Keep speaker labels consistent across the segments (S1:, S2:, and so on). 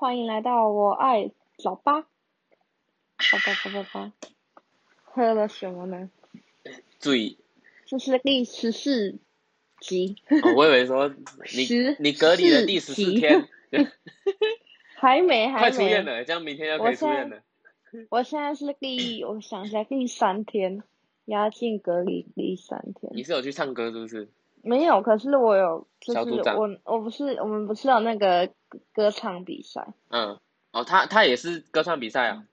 S1: 歡迎來到我愛早八。八八八八八，喝了什麼呢？
S2: 水。
S1: 這是第十四集。
S2: 哦，我以為說你你隔離的第十四天。
S1: 還 沒還沒。快出院了，這樣明天要出院了我。我現在是第，我想起來第三天，鴨勁 隔離第三天。你
S2: 是有去唱歌，是
S1: 不是？沒有，可是我有，就是我我不是我們不是有那個。歌唱比
S2: 賽。嗯，哦，他他也是歌唱比賽啊、嗯。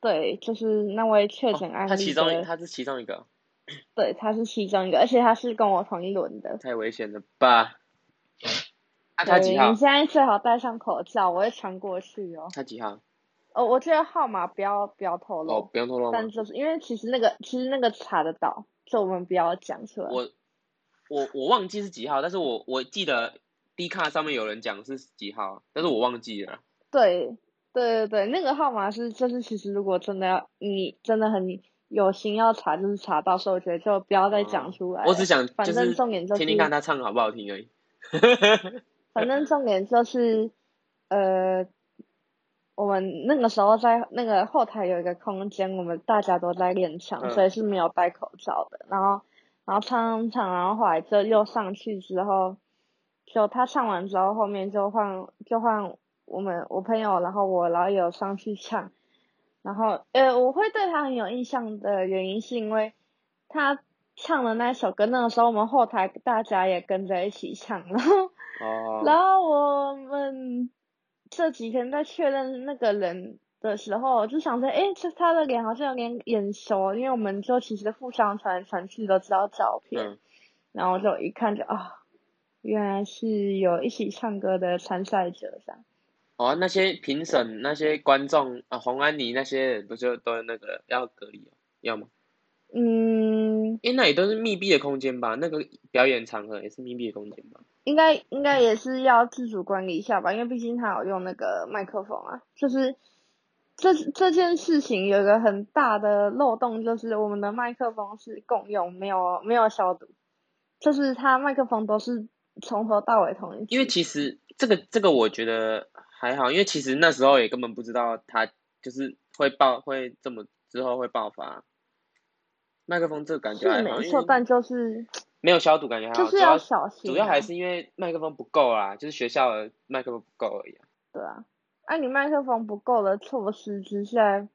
S1: 對，就是那位確診、哦、他其中他
S2: 是其中一個。
S1: 對，他是其中一個，而且他是跟我同一輪的。
S2: 太危險了吧！ 啊、
S1: 對他幾號？你現在最好戴上口罩，我會傳過去哦。他
S2: 幾號？
S1: 哦，我覺得號碼不要不要透露哦，不要透露。但就是因為其實那個其實那個查得到，就我們不要講出來。
S2: 我我我忘記是幾號，但是我我記得。D 卡上面有人講是幾號，但是我忘記了。
S1: 對，對對對，那個號碼是就是其實如果真的要你真的很有心要查，就是查到，時候，我覺得就不要再講出來、嗯。我只想，反正重點就是聽聽看他
S2: 唱好不好聽而已。
S1: 反正重點就是，呃，我們那個時候在那個後台有一個空間，我們大家都在練唱，嗯、所以是沒有戴口罩的。然後，然後唱唱，然後後來就又上去之後。就他唱完之後，後面就換就換我們我朋友，然後我老友，上去唱，然後呃、欸、我會對他很有印象的原因是因為，他唱的那首歌那個時候我們後台大家也跟着一起唱，然後、oh. 然後我們這幾天在確認那個人的時候，我就想着誒這他的臉好像有點眼熟，因為我們就其實互相傳傳去都知道照片，oh. 然後就一看就啊。Oh. 原來是有一起唱歌的參賽者這樣，
S2: 哦，那些評審、那些觀眾、嗯、啊，黃安妮那些不就都那個要隔離要嗎？嗯，因、欸、那裡都是密閉的空間吧，那個表演場合也是密閉的空間吧？
S1: 應該應該也是要自主管理一下吧，因為畢竟他有用那個麥克風啊，就是這這件事情有一個很大的漏洞，就是我們的麥克風是共用，沒有沒有消毒，就是他麥克風都是。從頭到尾同一支，因為其
S2: 實這個這個我覺得還好，因為其實那時候也根本不知道他就是會爆會這麼之後會爆發。麥克風這個感覺還好，是沒錯，但就是沒有消毒，感覺還好。就是要小心、啊主要，主要還是因為麥克風不夠啦、啊，就是學校的麥克風不夠而已、啊。
S1: 對啊，哎、啊，你麥克風不夠的措施之下，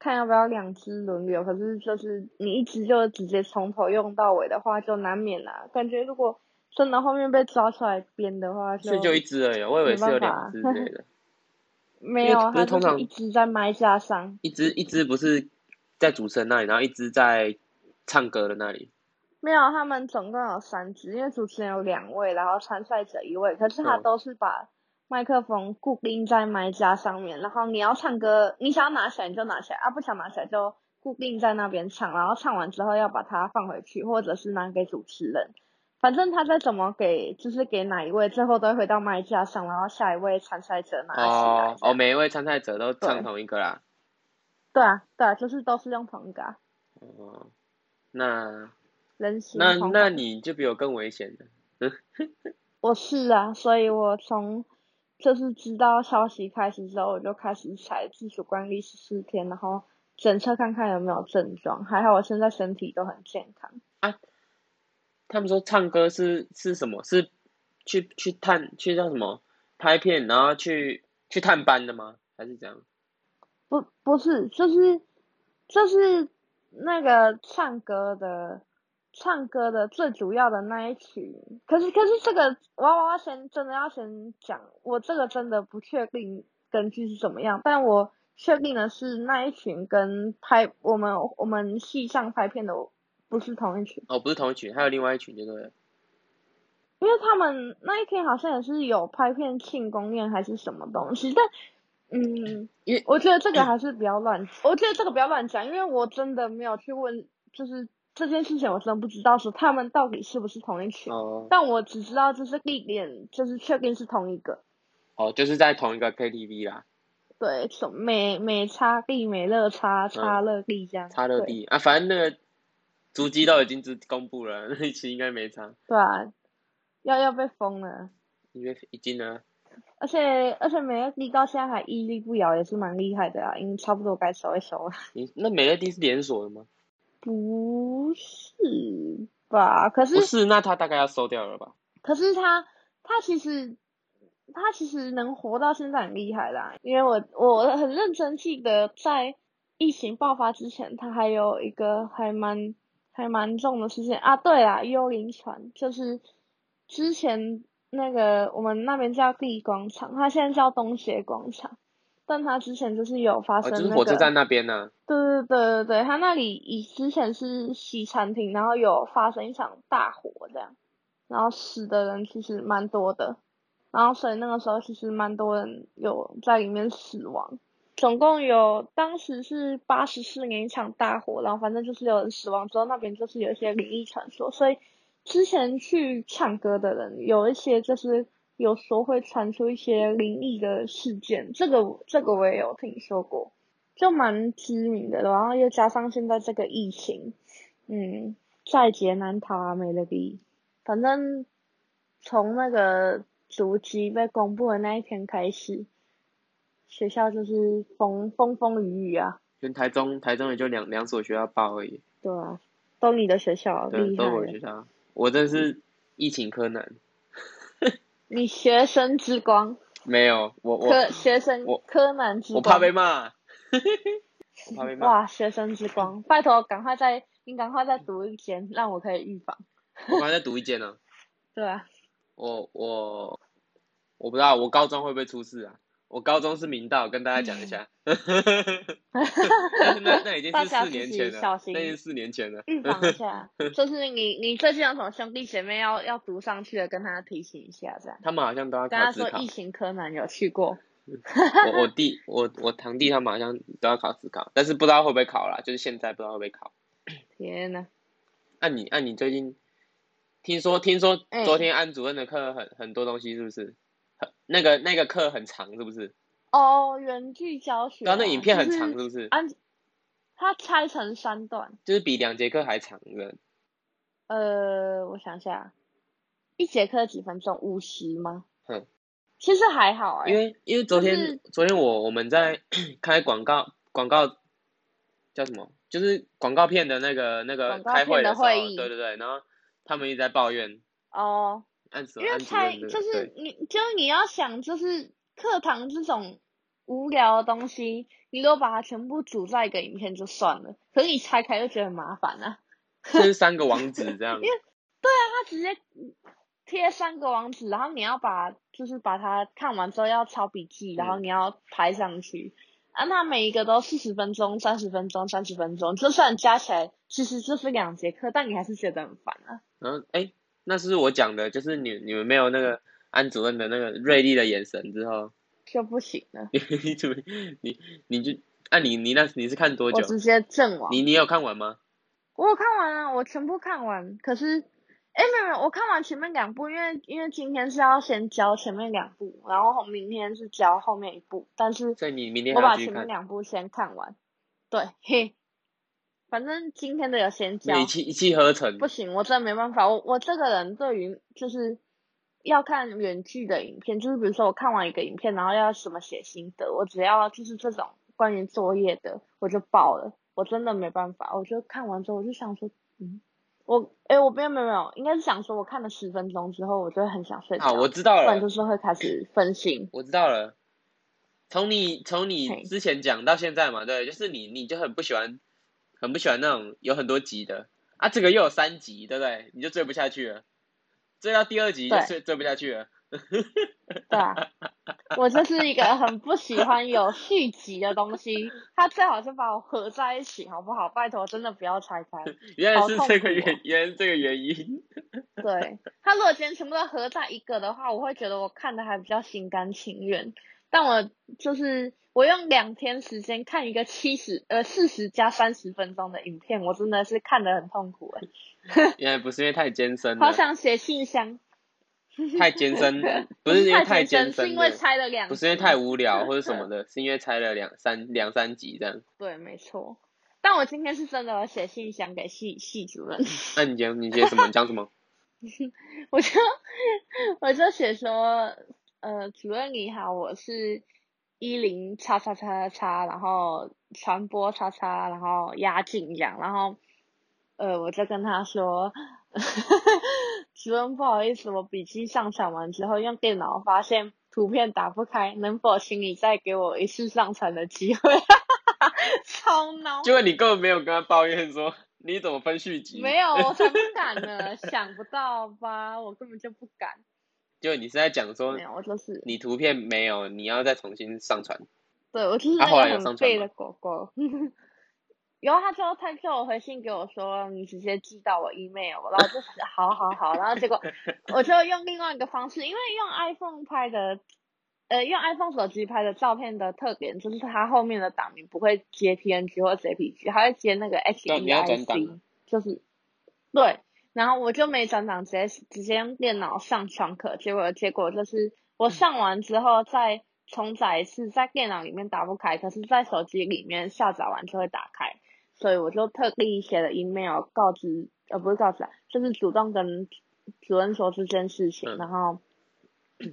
S1: 看要不要兩只輪流，可是就是你一直就直接從頭用到尾的話，就難免啦、啊。感覺如果。真的後，後面被抓出來編的話就、啊，就就一只而已，我以為是有兩只之類的。 沒有，就通常一只在麥架上，
S2: 一只一只不是在主持人那裡，然後一只在唱歌的那裡。
S1: 沒有，他們總共有三只，因為主持人有兩位，然後參賽者一位。可是他都是把麥克風固定在麥架上面，然後你要唱歌，你想要拿起來你就拿起來啊，不想拿起來就固定在那邊唱。然後唱完之後要把它放回去，或者是拿給主持人。反正他再怎麼給，就是給哪一位，最後都會回到麥架上，然後下一位參賽者拿哦哦，
S2: 哦，樣哦，每一位參賽者都唱同一個啦對。
S1: 對啊，對啊，就是都是用同一個。哦，
S2: 那。
S1: 人形。那那你
S2: 就比我更危險了。
S1: 我是啊，所以我從就是知道消息開始之後，我就開始採自主管理十四天，然後檢測看看有沒有症狀。還好我現在身體都很健康。啊。他們
S2: 說唱歌是是什麼？是去去探去叫什麼拍片，然後去去探班的嗎？還是怎樣？
S1: 不不是，就是就是那個唱歌的唱歌的最主要的那一群。可是可是這個，哇哇我要我要先真的要先講，我這個真的不確定根據是怎麼樣，但我確定的是那一群跟拍我們我們戲上拍片的。不是同
S2: 一群哦，不是同一群，還有另外一群就對，
S1: 對不對？因為他們那一天好像也是有拍片慶功宴還是什麼東西，但嗯，也為我覺得這個還是比較亂，為我覺得這個不要亂講，嗯、因為我真的沒有去問，就是這件事情我真的不知道是他們到底是不是同一群，哦、但我只知道就是地點，就是確定是同一個。
S2: 哦，就是在同一個 KTV 啦。
S1: 對，美美差地美樂差差樂地這樣，嗯、差樂地
S2: 對啊，反正那個。足跡都已經公公布了，那期應該沒差。
S1: 對啊，要要被封了。
S2: 因為已經呢。而
S1: 且而且美樂迪到現在還屹立不搖，也是蠻厲害的啊！因為差不多該收一收了。你那
S2: 美樂迪是連鎖的嗎？
S1: 不是吧？可是不是？
S2: 那他大概要收掉了吧？
S1: 可是他他其實他其實能活到現在很厲害啦，啊，因為我我很認真記得，在疫情爆發之前，他還有一個還蠻。還蠻重的事件啊，對啦，幽靈船就是之前那個我們那邊叫第一廣場，它現在叫東協廣場，但它之前就是有發生、那個哦、就是、火車站那邊呢、啊，對對對對對，它那裡以之前是西餐廳，然後有發生一場大火這樣，然後死的人其實蠻多的，然後所以那個時候其實蠻多人有在裡面死亡。總共有，當時是八十四年一場大火，然後反正就是有人死亡之後，那邊就是有一些靈異傳說，所以之前去唱歌的人有一些就是有時候會傳出一些靈異的事件，這個這個我也有聽說過，就蠻知名的，然後又加上現在這個疫情，嗯，在劫難逃啊，美樂蒂。反正從那個足跡被公布的那一天開始。學校就是風風風雨雨啊。
S2: 跟台中，台中也就兩兩所學校報而已。
S1: 對啊，都你的學校啊，都我的學
S2: 校。我這是疫情柯南。
S1: 你學生之光。
S2: 沒有，我我學生
S1: 柯南之。我怕被罵。怕被罵。
S2: 哇，
S1: 學生之光，拜託，趕快再你趕快再讀一篇讓我可以預防。
S2: 我趕快再讀一間呢。對啊。我我我不知道，我高中會不會出事啊？我高中是明道，跟大家講一下。嗯、
S1: 那那已經是
S2: 四年前了，死死死那已經
S1: 是四年前了。預 防一下，就是你你最近有什麼兄弟姐妹要要讀上去的，跟他提醒一下，這樣。
S2: 他們好像都要考考。跟他說疫情科，疫情
S1: 柯南有去過。我
S2: 弟，我我堂弟，他們好像都要考自考，但是不知道會不會考了，就是現在不知道會不會考。
S1: 天哪！那、
S2: 啊、你那、啊、你最近聽說聽說昨天安主任的課很、欸、很多東西，是不是？那個那個課很長是不是？
S1: 哦，oh, 遠距教學。然後那影片很長、就是、是不是？安，它拆成三段，就
S2: 是比兩節課還長的。是
S1: 是呃，我想一下，一節課幾分鐘？五十嗎？嗯哼。其實還好、欸。因為因為昨天、
S2: 就是、昨天我我們在開廣告廣告，叫什麼？就是廣告片的那個那個開會的，的會議。對對對，然後他們一直在抱怨。哦。Oh. 因為拆就是
S1: 你，就你要想，就是課堂這種無聊的東西，你都把它全部組在一個影片就算了，可是你拆開又覺得很麻煩啊。
S2: 這是三個網址這樣。
S1: 因為對啊，他直接貼三個網址，然後你要把就是把它看完之後要抄筆記，然後你要拍上去、嗯、啊，它每一個都四十分鐘、三十分鐘、三十分,分鐘，就算加起來，其實就是兩節課，但你還是覺得很煩啊。嗯，哎。
S2: 那是我講的，就是你你們沒有那個安主任的那個銳利的眼神之後就不行了。 你你你就，哎、啊、你你那你是看多久？我直接
S1: 陣亡。你你有看完嗎？我有看完了，我全部看完。可是，哎沒有沒有，我看完前面兩部，因為因為今天是要先交前面兩部，然後明天是交後面一部。但
S2: 是，所以你明天我把前面兩
S1: 部先看完。對，嘿。反正今天的要先講，氣一氣一氣呵成，不行，我真的沒辦法。我我這個人對於就是要看遠距的影片，就是比如說我看完一個影片，然後要什麼寫心得，我只要就是這種關於作業的，我就爆了。我真的沒辦法，我就看完之後我就想說，嗯，我哎、欸，我沒有沒有沒有，應該是想說我看了十分鐘之後，我就很想睡覺。好，我知道了，不然就是會開始分心。我知道
S2: 了，從你從你之前講到現在嘛，嘿對，就是你你就很不喜歡。很不喜歡那種有很多集的啊，這個又有三集，對不對？你就追不下去了，追到第二集就追不下去了。
S1: 對， 對啊，我這是一個很不喜歡有續集的東西，他最好是把我合在一起，好不好？拜託，真的不要拆開。原來是這個原，
S2: 啊、原這個原因。
S1: 對，他如果今天全部都合在一個的話，我會覺得我看的還比較心甘情願。但我就是我用兩天時間看一個七十、呃、四十加三十分鐘的影片，我真的是看得很痛苦哎、欸。
S2: 因 為不是因為太艱深。好想
S1: 寫信箱。 太艱深，不是因為太艱深，是因為拆了兩，是了對不
S2: 是因為太無聊或者什麼的，對是因為拆了兩三兩三集這樣。
S1: 對，沒錯。但我今天是真的要寫信箱給系系主任。
S2: 那你講你寫什麼，你講什麼？什麼
S1: 我就我就寫說。呃，主任你好，我是一零叉叉叉叉，然後傳播叉叉，然後鴨勁這樣，然後呃，我在跟他說， 主任不好意思，我筆記上傳完之後用電腦發現圖片打不開，能否請你再給我一次上傳的機會？
S2: 哈哈哈，超孬。因為你根本沒有跟他抱怨說你怎麼分續集？沒有，我
S1: 才不敢呢， 想不到吧？我根本就不敢。
S2: 就你是在講說沒，沒有，我、就是你圖片沒有，你要再重新上傳。
S1: 對，我就是那個準備的狗狗。然、啊、後 他最後他叫我回信給我說，你直接寄到我 email，然後就是 好好好，然後結果 我就用另外一個方式，因為用 iPhone 拍的，呃，用 iPhone 手機拍的照片的特點就是它後面的檔名不會接 PNG 或 JPG，它會接那個 HEIC 那就是對。然後我就沒轉檔，直接直接用電腦上傳課，結果結果就是我上完之後再重載一次，嗯、在電腦裡面打不開，可是在手機裡面下載完就會打開，所以我就特地寫了 email 告知，呃不是告知、啊，就是主動跟主任說這件事情，嗯、然後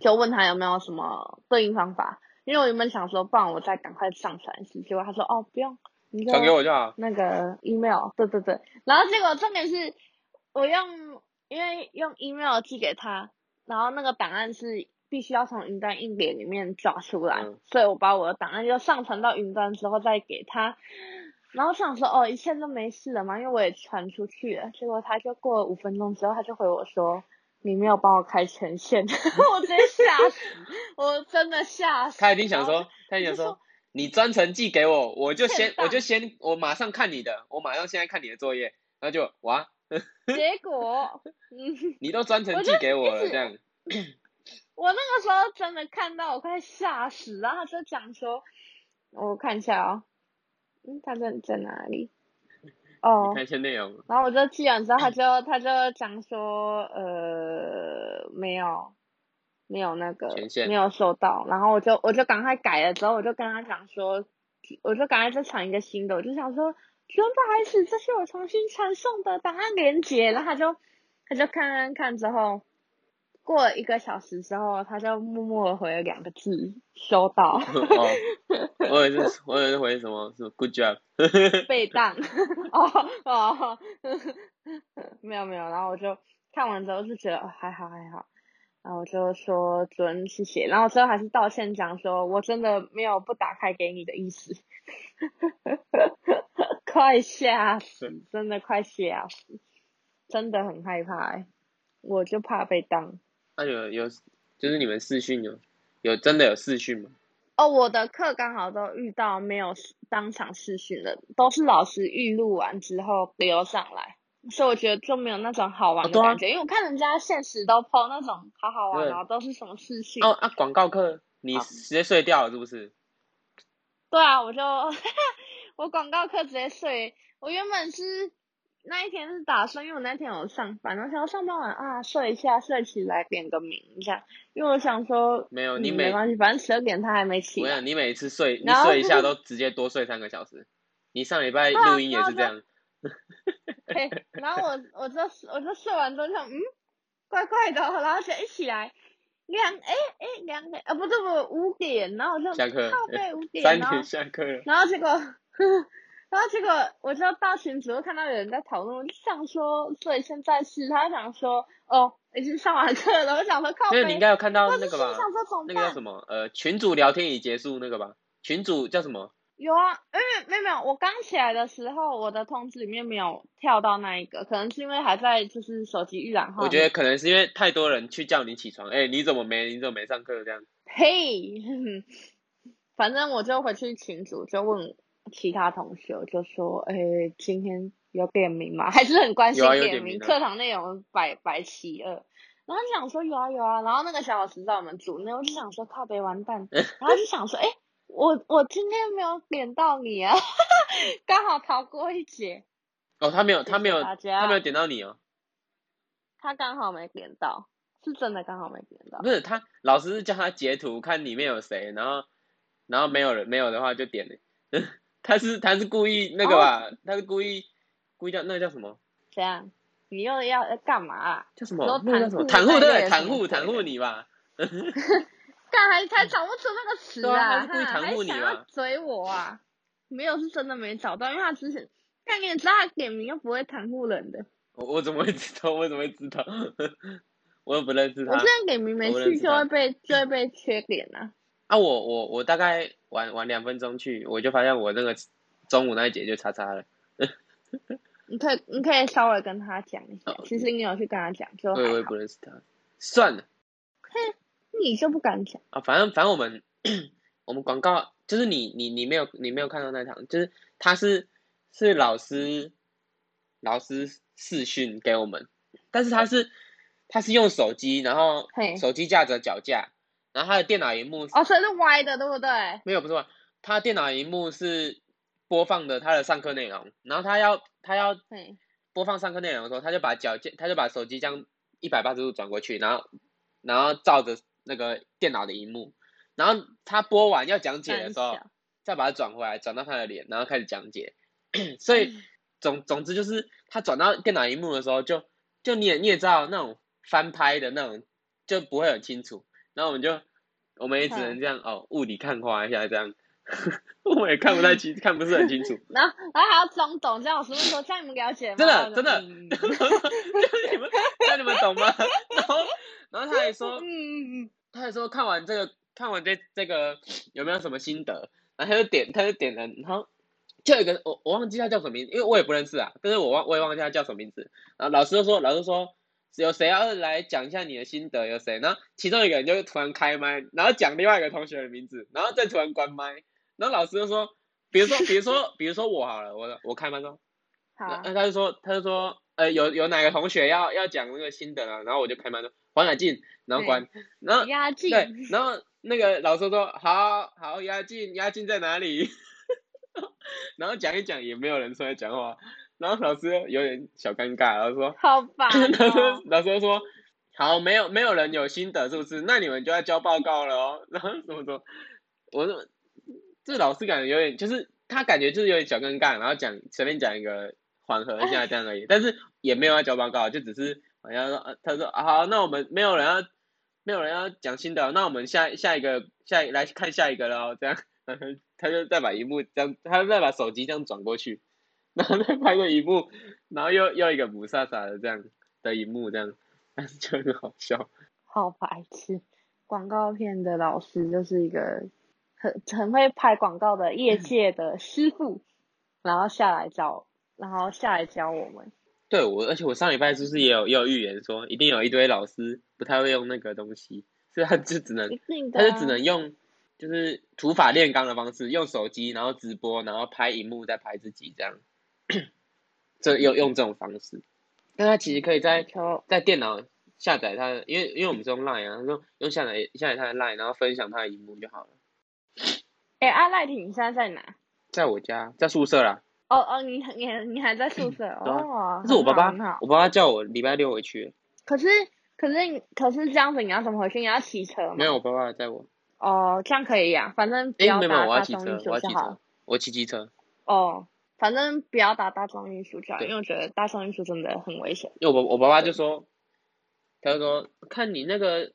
S1: 就問他有沒有什麼對應方法，因為我原本想說，不然我再趕快上傳一次，結果他說，哦不用，你轉給我就好，那個 email 對對對，然後結果重點是。我用，因為用 email 寄給他，然後那個檔案是必須要從雲端硬碟裡面抓出來，所以我把我的檔案就上傳到雲端之後再給他，然後我想說哦一切都沒事了嘛，因為我也傳出去了，結果他就過了五分鐘之後他就回我說你沒有幫我開權限， 我直接嚇死，我真的嚇死。
S2: 他一定想說，他一定想說你專程寄給我，我就先大我就先我馬上看你的，我馬上現在看你的作業，然後就哇！
S1: 結果，嗯、
S2: 你都專程寄給我了，我這樣。
S1: 我那個時候真的看到，我快嚇死了。然後他就講說，我看一下哦、喔，嗯，他在在哪裡？哦、oh。看一下內容。然後我就寄完之後，他就 他就講說，呃，沒有，沒有那個，線沒有收到。然後我就我就趕快改了之後，我就跟他講說，我就趕快再傳一個新的。我就想說。不好意思，這是我重新傳送的答案連接，然後他就他就看看，看之後，過了一個小時之後，他就默默回了兩個字，收到。
S2: 哦、 我也是，我也是回什麼是什麼 good job。
S1: 被 盪哦哦。沒有沒有，然後我就看完之後就覺得還好、哦、還好。還好然後我就說主任，謝謝，然後最後還是道歉講說，我真的沒有不打開給你的意思， 快嚇死，真的快嚇死，真的很害怕、欸、我就怕被當。
S2: 那、啊、有有就是你們視訊有有真的有視訊嗎？
S1: 哦，oh, 我的課剛好都遇到沒有當場視訊的，都是老師預錄完之後流上來。所以我覺得就沒有那種好玩的感覺，哦啊、因為我看人家現實都 PO 那種好好玩對然後都是什麼事
S2: 情。哦啊！廣告課你直接睡掉了是不是、
S1: 哦？對啊，我就呵呵我廣告課直接睡。我原本是那一天是打算，因為我那天有上班，然後想要上班晚，啊睡一下，睡起來點個名這樣。因為我想說，沒有你、嗯、沒關係，反正十二點他還沒起來。不
S2: 要，你每一次睡，你睡一下都直接多睡三個小時。就是、你上禮拜錄音也是這樣。
S1: 嘿，然後我，我就我就睡完之後，嗯，怪怪的，然後就一起來，兩，誒、欸、誒，兩、欸、點，啊、欸、不，這不，不五點，然後我就下課靠背五點，三點下課，然後結果，然後結果，我就大群只會看到有人在討論，就想說，所以現在是他想說，哦，已經上完課了，我想說，靠背，那你應該有看到那個吧，或是想說怎麼辦？那個叫什
S2: 麼，呃，群主，聊天已結束那個吧，群主叫什麼？
S1: 有啊，嗯，因為沒有沒有，我剛起來的時候，我的通知裡面沒有跳到那一個，可能是因為還在就是手機預覽。我覺得
S2: 可能是因為太多人去叫你起床，誒、欸、你怎麼沒？你怎麼沒上課這樣？
S1: 哼、hey, 反正我就回去群組就問其他同學，就說誒、欸、今天有點名嗎？還是很關心點名，課堂內容白白齊二。然後就想說有啊有啊，然後那個小老師在我們組內，我就想說靠北完蛋。然後就想說誒、欸 我我今天沒有點到你啊，剛 好逃過一劫。
S2: 哦，他沒有，他沒有，啊、他沒有點到你哦。
S1: 他剛好沒點到，是真的剛好沒點到。不
S2: 是他，老師是叫他截圖看裡面有誰，然後，然後沒有人沒有的話就點了。 他是他是故意那個吧？哦、他是故意故意叫那個叫什麼？
S1: 誰啊？你又要幹嘛、啊？叫什麼？袒護對，袒
S2: 護袒護你吧。
S1: 幹，還，還找不出那個詞啊！他你，還想要追我啊？ 沒有，是真的沒找到，因為他之前，但你也知道他點名又不會袒護人的。
S2: 我我怎麼會知道？我怎麼會知道？ 我又不認識他。我之前點名沒去就會
S1: 被就會被，就會被缺點啊。
S2: 啊我我我大概晚晚兩分鐘去，我就發現我那個中午那一節就叉叉了。
S1: 你可以你可以稍微跟他講一下，oh. 其實你有去跟他講就。我也
S2: 不認識他，算了。
S1: 你就不敢講
S2: 啊？反正反正我們 我們廣告就是你你你沒有你沒有看到那一堂，就是他是是老師老師視訊給我們，但是他是嘿他是用手機，然後手機架着腳架，嘿然後他的電腦熒幕哦，
S1: 所以是歪的，對不對？
S2: 沒有，不是吧？他電腦熒幕是播放的他的上課內容，然後他要他要播放上課內容的時候，嘿他就把腳架他就把手機這樣一百八十度轉過去，然後然後照着。那個電腦的熒幕，然後他播完，要講解的時候，小再把它轉回來，轉到他的臉，然後開始講解。 所以總總之就是，他轉到電腦熒幕的時候，就就你也你也知道那種翻拍的那種就不會很清楚。然後我們就我們也只能這樣、嗯、哦，霧裡看花一下這樣， 我也看不太清，嗯、看不是很清楚。
S1: 然後然後還要裝懂，張老師說，讓你們了解，真的
S2: 真的，讓、嗯、 你們讓你們懂嗎？ 然後。然後他還說，嗯、他還說看完這個，看完這這個有沒有什麼心得？然後他就點，他就點了，然後就有一個我我忘記他叫什麼名字，因為我也不認識啊，但是我忘我也忘記他叫什麼名字。然後老師就說，老師說，老師說，有誰要來講一下你的心得？有誰呢？然後其中一個人就突然開麥，然後講另外一個同學的名字，然後再突然關麥。然後老師就說，比如說，比如說， 比如說我好了，我我開麥說，好，那他就說，他就說。呃，有有哪個同學要要講那個心得啊，然後我就開麥說：“黃雅靜，然後關，對然後近對，然後那個老師說：好好，雅靜，雅靜在哪裡？ 然後講一講，也沒有人出來講話。然後老師有點小尷尬，然後說：
S1: 好吧、喔。 老師
S2: 老師說：好，沒有沒有人有心得，是不是？那你們就要交報告了哦。 然後怎麼說？我說：這老師感覺有點，就是他感覺就是有點小尷尬。然後講隨便講一個。緩和一下這樣而已，唉但是也沒有要交報告，就只是好像說，他說、啊、好，那我們沒有人要，沒有人要講新的，那我們下下一個，下一來看下一個咯，這，這樣，他就再把螢幕這樣，他再把手機這樣轉過去，然後再拍個螢幕，然後又又一個不颯颯的這樣的螢幕這樣，但、就是就很好笑，
S1: 好白痴，廣告片的老師就是一個很很會拍廣告的業界的師傅，嗯、然後下來找。然後下來教我們。
S2: 對，我而且我上禮拜是不是也有也有預言說，一定有一堆老師不太會用那個東西，所以他就只能、啊、他就只能用就是土法煉鋼的方式，用手機然後直播，然後拍螢幕再拍自己這樣，這有 用、用這種方式，但他其實可以在在電腦下載他的，因為因為我們是用 line 啊，用用下載下載他的 line，然後分享他的螢幕就好了。
S1: 哎，阿賴廷現在在哪？
S2: 在我家，在宿舍啦。
S1: 哦哦，你你你還在宿舍哦？這、嗯、是我爸爸，好我
S2: 爸爸叫我禮拜六回去可。
S1: 可是可是可是這樣子，你要怎麼回去？你要騎車嗎？沒
S2: 有，我爸爸載我。
S1: 哦，這樣可以呀、啊，反正哎，不要打大、欸、沒沒我要騎車好。
S2: 我騎機車。
S1: 車哦，反正不要打大眾運輸就對因為我覺得大眾運輸真的很危險。
S2: 因為我我爸爸就說，他就說看你那個，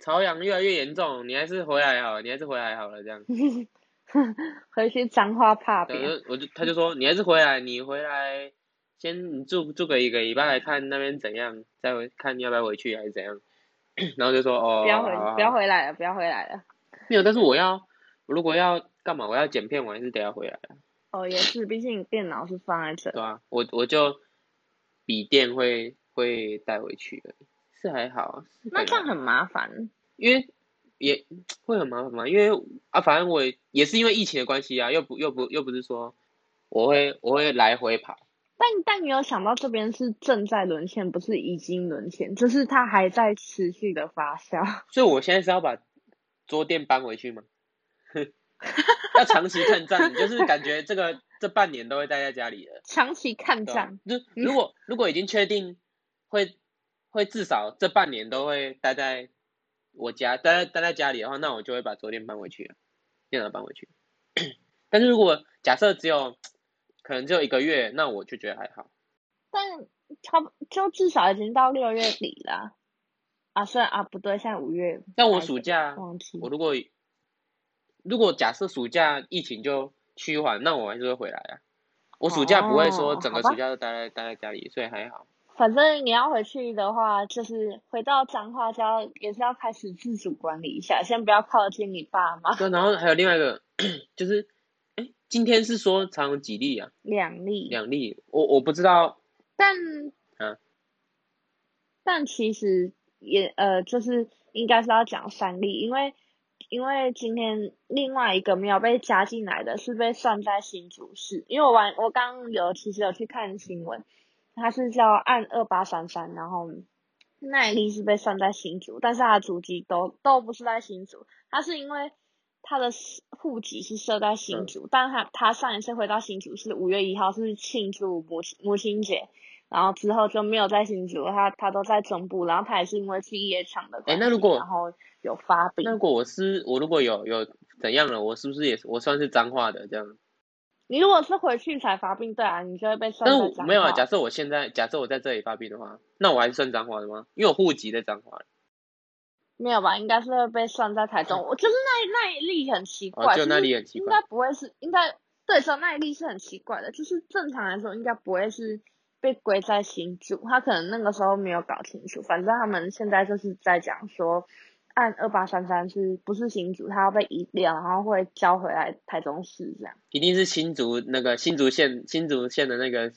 S2: 朝陽越來越嚴重，你還是回來好了，你還是回來好了，來好了這樣。
S1: 回去髒話怕別，我就我
S2: 就他就說你還是回來，你回來先你住住個一個禮拜來看那邊怎樣，再回看你要不要回去還是怎樣， 然後就說哦，不要回好好好，不要
S1: 回來了，不要回來了。
S2: 沒有，但是我要我如果要幹嘛，我要剪片，我還是得要回來
S1: 了哦，也是，畢竟電腦是放在這兒。對啊，
S2: 我我就筆電會會帶回去的，是還好
S1: 啊。那這樣很麻煩，因
S2: 為。也會很麻煩嘛，因為啊，反正我也是因為疫情的關係啊，又不又不又不是說我會我會來回跑。
S1: 但但你有想到這邊是正在淪陷，不是已經淪陷，就是它還在持續的發酵。
S2: 所以我現在是要把桌墊搬回去嗎？ 要長期抗戰， 就是感覺這個 這半年都會待在家裡了。
S1: 長期抗戰，
S2: 如如果如果已經確定會會至少這半年都會待在。我家待在待在家裡的話，那我就會把昨天搬回去，電腦搬回去。 但是如果假設只有可能只有一個月，那我就覺得還好。
S1: 但差不多就至少已經到六月底了 啊！雖然啊，不對，現在五月。但我暑
S2: 假，我如果如果假設暑假疫情就趨緩，那我還是會回來啊。我暑假不會說、哦、整個暑假都待在吧待在家裡，所以還好。
S1: 反正你要回去的話，就是回到彰化，就要也是要開始自主管理一下，先不要靠近你爸媽。對，然後還有
S2: 另外一個，就是，哎，今天是說長幾例啊？
S1: 兩例。
S2: 兩例，我我不知道。但。啊。
S1: 但其實也呃，就是應該是要講三例，因為因為今天另外一個沒有被加進來的是被算在新竹市，因為我玩我剛有其實有去看新聞。他是叫案二八三三，然後耐力是被算在新竹，但是他的足跡都都不是在新竹，他是因為他的戶籍是設在新竹，嗯、但他他上一次回到新竹是五月一號，是慶祝母親母親節，然後之後就沒有在新竹，他他都在中部，然後他也是因為去夜場的。哎、欸，那如果然後有發病，那如
S2: 果我是我如果有有怎樣了，我是不是也我算是髒話的這樣？
S1: 你如果是回去才發病，對啊，你就會被算在彰化。沒有啊，假
S2: 設我現在假設我在這裡發病的話，那我還是算彰化的嗎？因為我戶籍在彰化。
S1: 沒有吧？應該是會被算在台中。我覺得那那一例很奇怪，哦、就那例很奇怪。是是應該不會是應該對說那一例是很奇怪的，就是正常來說應該不會是被歸在新竹，他可能那個時候沒有搞清楚。反正他們現在就是在講說。二八三三是不是新竹？他要被移掉，然後會交回來台中市這樣。
S2: 一定是新竹那個新竹縣、新竹縣的那個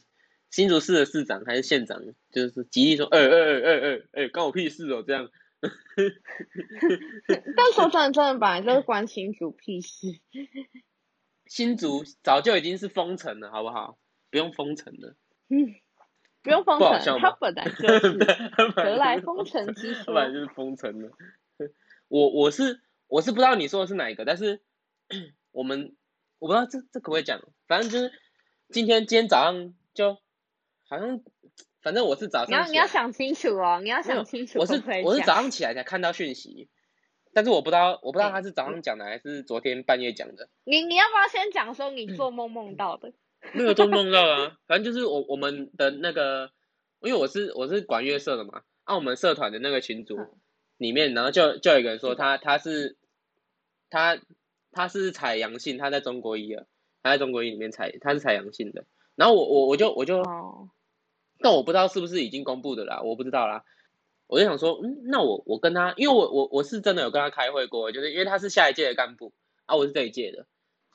S2: 新竹市的市長還是縣長，就是吉利說欸欸欸欸欸，哎、欸欸欸欸，關、欸、我屁事哦、喔、這樣。
S1: 但說正正吧，的本來就是關新竹屁事。
S2: 新竹早就已經是封城了，好不好？不用封城
S1: 了，嗯、不用封城，他本來就是何來封城之說？本來 就
S2: 是封城了。我我是我是不知道你說的是哪一個，但是我們我不知道這這可不可以講，反正就是今天今天早上就好像反正我是早上。你要你要
S1: 想清楚哦，你要想清楚我，我是我是早上
S2: 起來才看到訊息，但是我不知道我不知道他是早上講的還是昨天半夜講的。
S1: 你你要不要先講說你做夢夢到的、嗯？
S2: 沒有做夢夢到啊， 反正就是我我們的那個，因為我是我是管樂社的嘛，啊我們社團的那個群組。嗯裡面，然後就就有一個人說他他是，他他是採陽性，他在中國醫啊，他在中國醫裡面採，他是採陽性的。然後我我我就我就，但我不知道是不是已經公布的啦，我不知道啦。我就想說，嗯，那我我跟他，因為我我我是真的有跟他開會過，就是因為他是下一屆的幹部啊，我是這一屆的，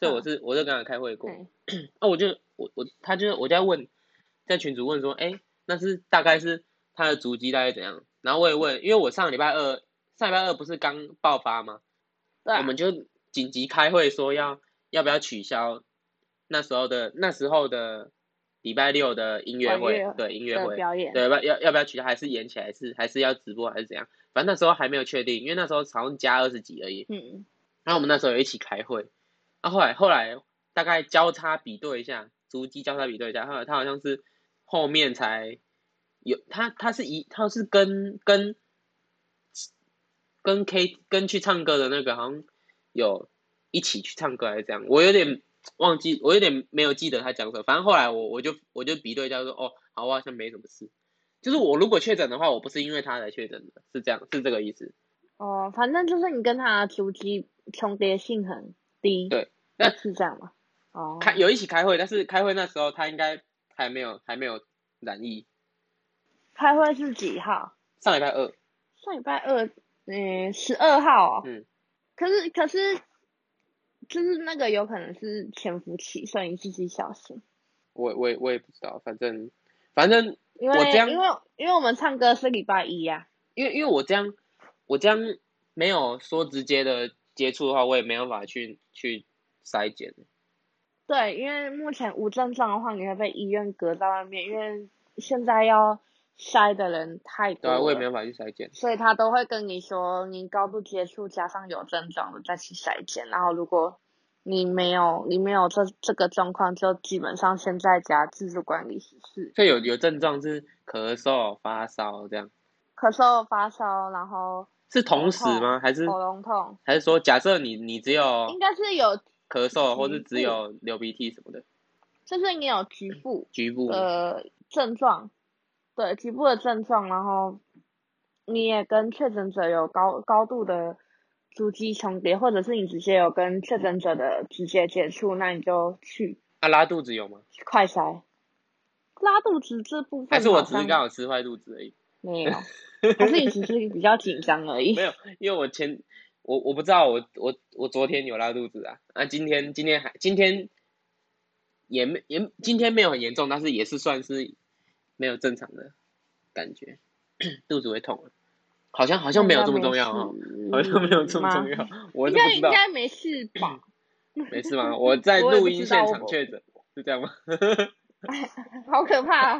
S2: 所以我是我就跟他開會過。那、嗯 啊、我就我我他就是我就在問，在群組問說，哎、欸，那是大概是他的足跡大概怎樣？然後我也問，因為我上禮拜二，上禮拜二不是剛爆發嗎？
S1: 啊、我們
S2: 就緊急開會說要要不要取消那，那時候的那時候的禮拜六的音樂會，音樂對音樂會表演，對要要要不要取消，還是演起來，是還是要直播還是怎樣？反正那時候還沒有確定，因為那時候好像加二十幾而已。嗯。然後我們那時候有一起開會，然、啊、後來後來大概交叉比對一下，足跡交叉比對一下，後來他好像是後面才。有他，他是一，他是跟跟，跟 K 跟去唱歌的那個，好像有一起去唱歌還是這樣？我有點忘記，我有點沒有記得他講什麼。反正後來我我就我就比對，叫做哦，好，我好像沒什麼事。就是我如果確診的話，我不是因為他來確診的，是這樣，是這個意思。
S1: 哦，反正就是你跟他足跡重疊性很低。對，那是這樣嘛？哦，
S2: 開有一起開會，但是開會那時候他應該還沒有還沒有染疫。
S1: 開會是幾號？
S2: 上禮拜二。
S1: 上禮拜二，嗯，十二號喔。嗯。可是，可是，就是那個有可能是潛伏期，所以你必須小心。
S2: 我我我也不知道，反正，反正。因為我這樣，
S1: 因為因為我們唱歌是禮拜一呀。因為因為我這樣，
S2: 我這樣沒有說直接的接觸的話，我也沒有辦法去去篩檢。
S1: 對，因為目前無症狀的話，你會被醫院隔在外面，因為現在要。篩的人太多了，對啊，我也沒辦
S2: 法去篩檢，所
S1: 以他都會跟你說，你高度接觸加上有症狀了再去篩檢，然後如果你沒有，你沒有這這個狀況，就基本上先在家自主管理
S2: 十四。就有有症狀是咳嗽、發燒這樣。
S1: 咳嗽、發燒，然後是同時嗎？還是喉嚨痛？還
S2: 是說假設你你只有應該是有咳嗽，或是只有流鼻涕什麼的，
S1: 就是你有局部局部呃症狀。對，局部的症狀，然後你也跟確診者有高高度的足跡重疊，或者是你直接有跟確診者的直接接觸，那你就去。
S2: 啊，拉肚子有嗎？
S1: 快篩。拉肚子這部分。但是我只是剛
S2: 好吃壞肚子而已。沒有。
S1: 還是你只是比
S2: 較緊張而已。 沒有，因為我前我我不知道我我我昨天有拉肚子啊啊那今天今天還今天也沒也，也今天沒有很嚴重，但是也是算是。沒有正常的感覺， 肚子會痛、啊，好像好像沒有這麼重要哈，好像沒有這麼重要、啊。應該應
S1: 該沒事吧？ 沒事嗎？我在錄音現場確
S2: 診，是這樣嗎 、
S1: 哎？好可怕！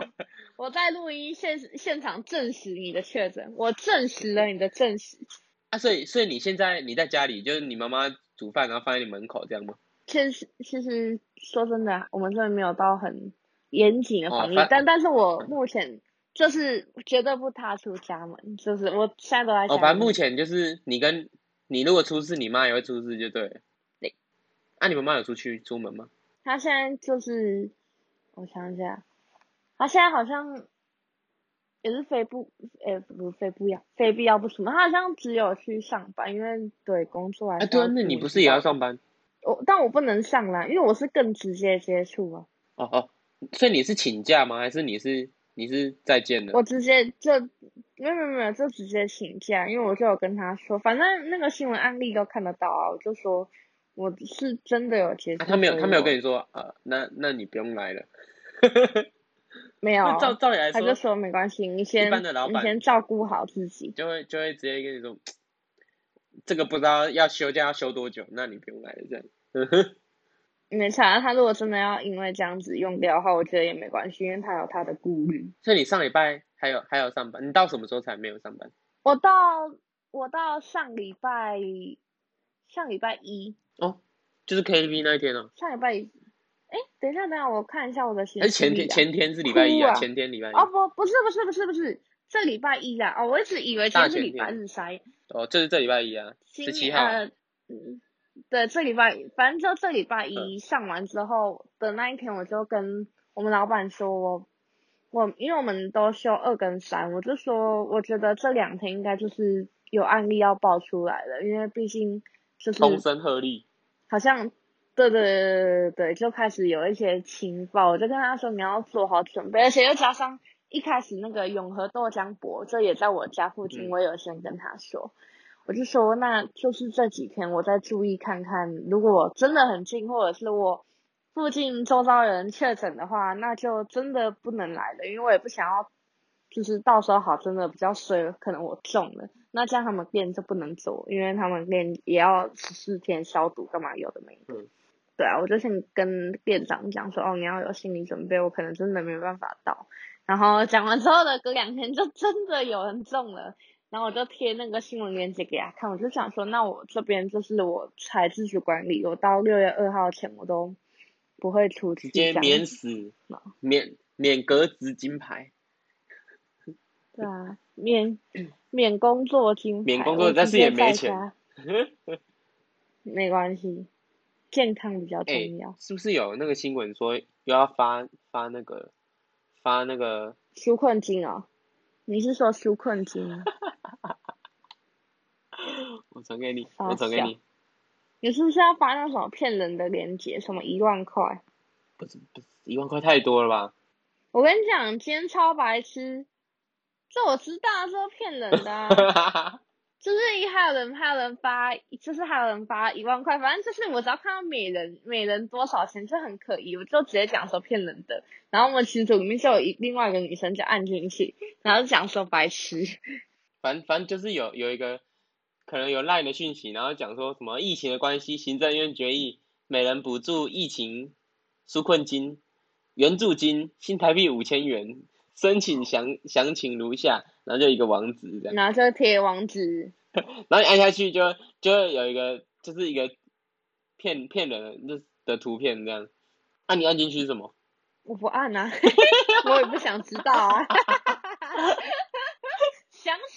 S1: 我在錄音現現場證實你的確診，我證實了你的證實。
S2: 啊，所以所以你現在你在家裡，就是你媽媽煮飯，然後放在你門口
S1: 這樣嗎？其實其實說真的，我們這裡沒有到很。嚴謹的防疫，哦、但但是我目前就是絕對不踏出家門，嗯、就是我現在都在家。哦，反正目
S2: 前就是你跟你如果出事，你媽也會出事，就對了。對你。那、啊、你們媽有出去出門嗎？
S1: 她現在就是，我想一下。她現在好像也是非不，誒、欸、不非不要非必要不出門，她好像只有去上班，因為對工作還是要工作。啊對啊，那你不是也要上班？我但我不能上啦，因為我是更直接接觸啊。哦哦。哦
S2: 所以你是請假嗎？還是你是你是再見的？我直
S1: 接就沒有沒有沒有，就直接請假，因為我就有跟他說，反正那個新聞案例都看得到啊，就說我是真的有接啊。他沒有，他沒有跟你
S2: 說啊，那那你不用來了。
S1: 沒有。照照理來說，他就說沒關係，你先你先照顧好自己。
S2: 就會就會直接跟你說，這個不知道要休假要休多久，那你不用來了，這樣。
S1: 沒差，他如果真的要因為這樣子用掉的話，我覺得也沒關係，因為他有他的
S2: 顧慮。所以你上禮拜還有還有上班，你到什麼時候才沒有上班？
S1: 我到我到上禮拜上禮拜一
S2: 哦，就是 KTV 那一天哦。
S1: 上禮拜一，哎、哦就是哦，等一下，等一下，我看一下我的時間。是前天前天是禮拜一啊，啊前天禮拜一。哦不，不是不是不是不是，這禮拜一啊！哦，我一直以為今天是禮拜日塞。
S2: 哦，這、就是這禮拜一啊，十七號、呃。嗯。
S1: 對，這禮拜反正就這禮拜一上完之後、嗯、的那一天，我就跟我們老闆說我，我因為我們都休二跟三，我就說我覺得這兩天應該就是有案例要爆出來了，因為畢竟就是風聲鶴唳，好像對，對對對對對，就開始有一些情報，我就跟他說你要做好準備，而且又加上一開始那個永和豆漿伯，這也在我家附近，我有先跟他說。嗯我就說，那就是這幾天我再注意看看，如果真的很近，或者是我附近周遭有人確診的話，那就真的不能來了，因為我也不想要，就是到時候好真的比較衰，可能我中了，那這樣他們店就不能走，因為他們店也要十四天消毒幹嘛有的沒的。嗯。對啊，我就先跟店長講說，哦，你要有心理準備，我可能真的沒辦法到。然後講完之後的隔兩天，就真的有人中了。然後我就貼那個新聞鏈接給他看，我就想說，那我這邊就是我才自主管理，我到六月二號前我都不會出。直接免
S2: 死，哦、免免革職金牌。
S1: 對啊，免 免工作金免工作，但是直也沒錢。
S2: 加
S1: 沒關係，健康比較重要。
S2: 欸、是不是有那個新聞說又要發發那個發那個
S1: 紓困金啊、哦？你是說紓困金嗎？
S2: 哈哈， 我轉給你， 我轉給
S1: 你。你是不是要發那種騙人的鏈接？什麼一萬塊？不
S2: 是不是，一萬塊太多了吧？
S1: 我跟你講，今天超白痴，這我知道是騙人的啊。 就是一，還有人還有人發，就是還有人發一萬塊，反正就是我只要看到每人每人多少錢就很可疑，我就直接講說騙人的。然後我們群組裡面就有一另外一個女生就按進去然後講說白痴。反反正就是有
S2: 有一個，可能有賴的訊息，然後講說什麼疫情的關係，行政院決議每人補助疫情紓困金、援助金新台幣五千元，申請詳詳情如下，然後就一個網址
S1: 拿着鐵就貼網址。
S2: 然後你按下去就就會有一個，就是一個騙騙人的的圖片這樣。那、啊、你按進去是什麼？
S1: 我不按吶、啊， 我也不想知道啊。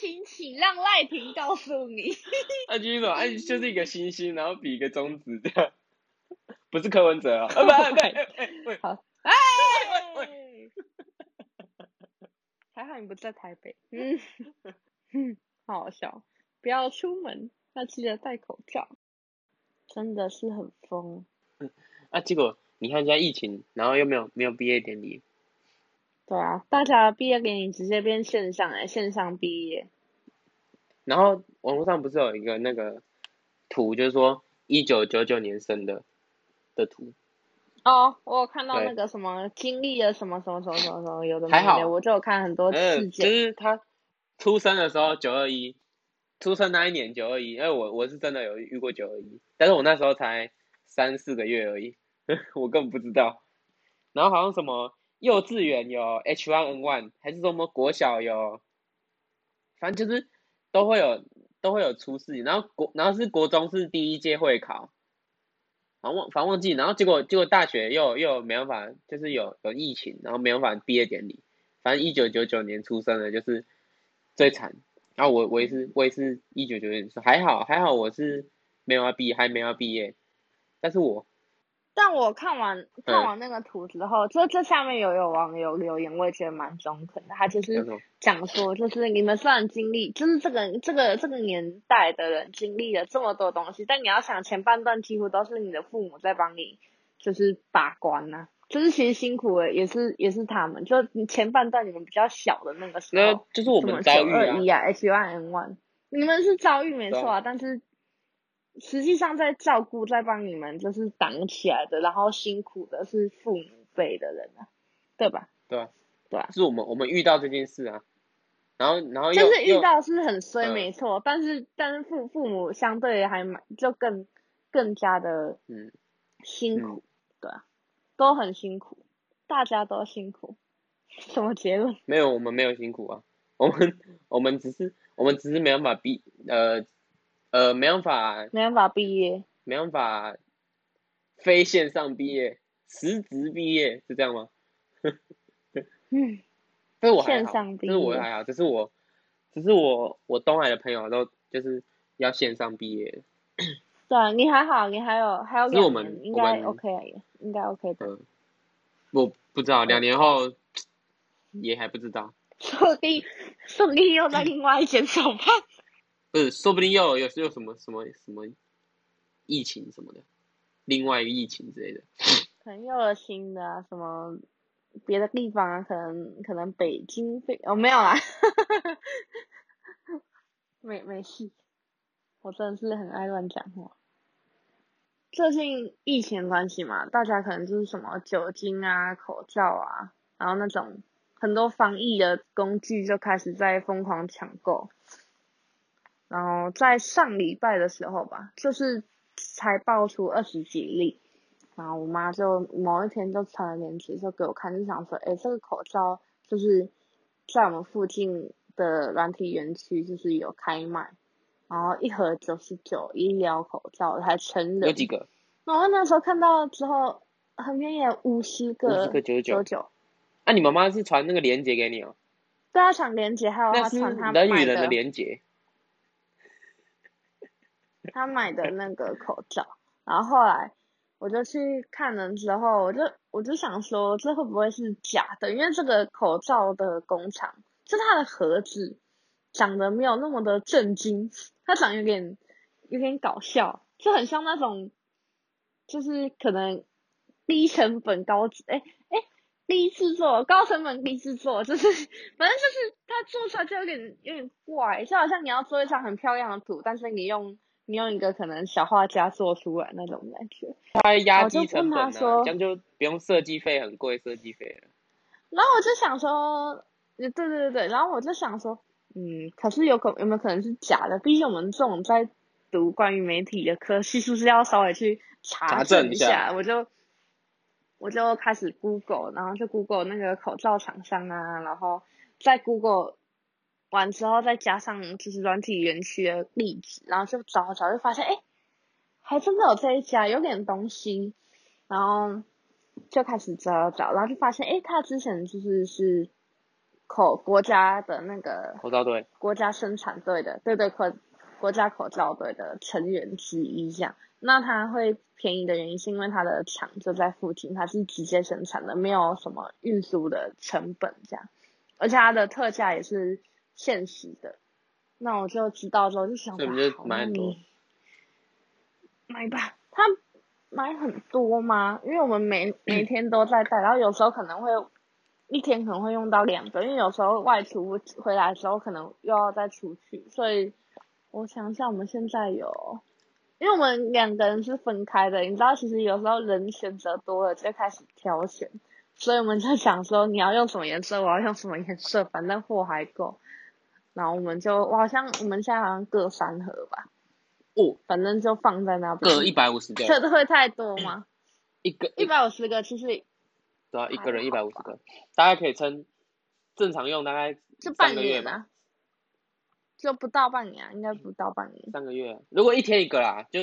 S1: 請請讓賴廷告訴你。
S2: 啊，就是、啊、就是一個星星，然後比一個中指，這樣，不是柯文哲啊？ 啊，不對，對對，
S1: 好。哎，還好你不在台北。嗯，哼、嗯。好好笑。不要出門，要記得戴口罩。真的是很瘋、嗯。
S2: 啊，結果你看，現在疫情，然後又沒有沒有畢業典禮。
S1: 對啊，大家畢業給你直接變線上哎，線上畢業。
S2: 然後網絡上不是有一個那個圖，就是說一九九九年生的的圖。
S1: 哦，我有看到那個什麼對經歷了什麼什麼什麼什麼什麼，有的。還好，我就有看很多事件。嗯、呃，就是
S2: 他出生的時候九二一，21, 出生那一年九二一，因為我我是真的有遇過九二一，但是我那時候才三四個月而已，呵呵，我根本不知道。然後好像什麼。幼稚園有 H1N1，還是說我們國小有，反正就是都會有，都會有出事，然後國然後是國中是第一屆會考，忘反忘反忘記，然後結果結果大學又又沒辦法，就是有有疫情，然後沒辦法畢業典禮，反正一九九九年出生的，就是最慘。然後我我也是我也是一九九九年，還好還好我是沒有要畢還沒要畢業，但是我。
S1: 但我看完看完那個圖之後，這、嗯、這下面有有網友有留言，我也覺得蠻中肯的。他就是講說，就是你們雖然經歷，就是這個這個這個年代的人經歷了這麼多東西，但你要想前半段幾乎都是你的父母在幫你，就是把關吶、啊，就是其實辛苦的、欸、也是也是他們。就前半段你們比較小的那個時候，嗯、就是我們在遇啊。九二一啊，H1N1，你們是遭遇沒錯啊，但是、嗯。實際上在照顧，在幫你們，就是擋起來的，然後辛苦的是父母輩的人啊，對吧？
S2: 對啊，對啊，是我們我們遇到這件事啊，然後然後就是遇到
S1: 是很衰沒錯，但是但是父父母相對還蠻就更更加的嗯辛苦，嗯、對啊，都很辛苦，大家都辛苦。 什麼結論？
S2: 沒有，我們沒有辛苦啊，我們我們只是我們只是沒有辦法比呃。呃，沒辦法，
S1: 沒辦法畢業，
S2: 沒辦法，非線上畢業，實質畢業是這樣嗎？對， 嗯，
S1: 但是我還好，但是我還好，只是我，
S2: 只是我，我東海的朋友都就是要線上畢業。
S1: 對、啊，你還好，你還有還有，因為我們應該 OK，應該 OK 的、嗯。
S2: 我不知道，兩年後、嗯，也還不知道。
S1: 說你， 說你用到另外一件手吧。
S2: 不是，說不定又有有、有什麼什麼什麼，疫情什麼的，另外一個疫情之類的，
S1: 可能又有新的、啊、什麼別的地方、啊，可能可能北京非哦沒有啦， 沒沒事，我真的是很愛亂講話。最近疫情關係嘛，大家可能就是什麼酒精啊、口罩啊，然後那種很多防疫的工具就開始在瘋狂搶購。然後在上禮拜的時候吧，就是才爆出二十幾例，然後我媽就某一天就傳了鏈接，就給我看，就想說，哎、欸，這個口罩就是在我們附近的軟體園區，就是有開賣，然後一盒九十九醫療口罩，還成了有幾個。然後那時候看到之後，很遠也五十個，五十個九十九。那你媽媽是
S2: 傳那個鏈接給你哦？
S1: 對，啊，他傳鏈接，還有他，傳他買的。人與人的鏈接。他買的那個口罩，然後後來我就去看了之後，我就我就想說，這會不會是假的？因為這個口罩的工廠，就它的盒子長得沒有那麼的震驚，它長得有點有點搞笑，就很像那種，就是可能低成本高質，哎哎，誒第一次做，高成本第一次做，就是反正就是它做出來就有點有點怪，就好像你要做一張很漂亮的圖，但是你用。你用一個可能小畫家做出來那種感覺，他壓低成本呢，這樣就，就
S2: 不用設計費，很貴設計費，
S1: 然後我就想說，對對對對，然後我就想說，嗯，可是有可有沒有可能是假的？畢竟我們這種在讀關於媒體的，科系是不是要稍微去查、一查證一下。我就我就開始 Google，然後就 Google 那個口罩廠商啊，然後在 Google。完之後再加上就是軟體園區的例子，然後就找找就發現哎、欸，還真的有這一家有點東西，然後就開始找找，然後就發現哎，他、欸、之前就是是口國家的那個口罩隊，國家生產隊的，對,對對口國家口罩隊的成員之一這樣。那它會便宜的原因是因為它的廠就在附近，它是直接生產的，沒有什麼運輸的成本這樣，而且它的特價也是。現實的，那我就知道之後就想就買好，嗯，買吧。他買很多嘛，因為我們每每天都在帶，然後有時候可能會一天可能會用到兩個，因為有時候外出回來的時候，可能又要再出去，所以我想一下，我們現在有，因為我們兩個人是分開的，你知道，其實有時候人選擇多了就開始挑選，所以我們在想說，你要用什麼顏色，我要用什麼顏色，反正貨還夠。然後我們就，好像我們現在好像各三盒吧，哦，反正就放在那邊，各一百
S2: 五十個，這會
S1: 太多嗎？ 一個一百五十個，其實，
S2: 對啊，一個人一百五十個，大概可以撐，正常用大概是就半年吧、
S1: 啊，就不到半年、啊，應該不到半年，
S2: 嗯、三個月、啊。如果一天一個啦，就，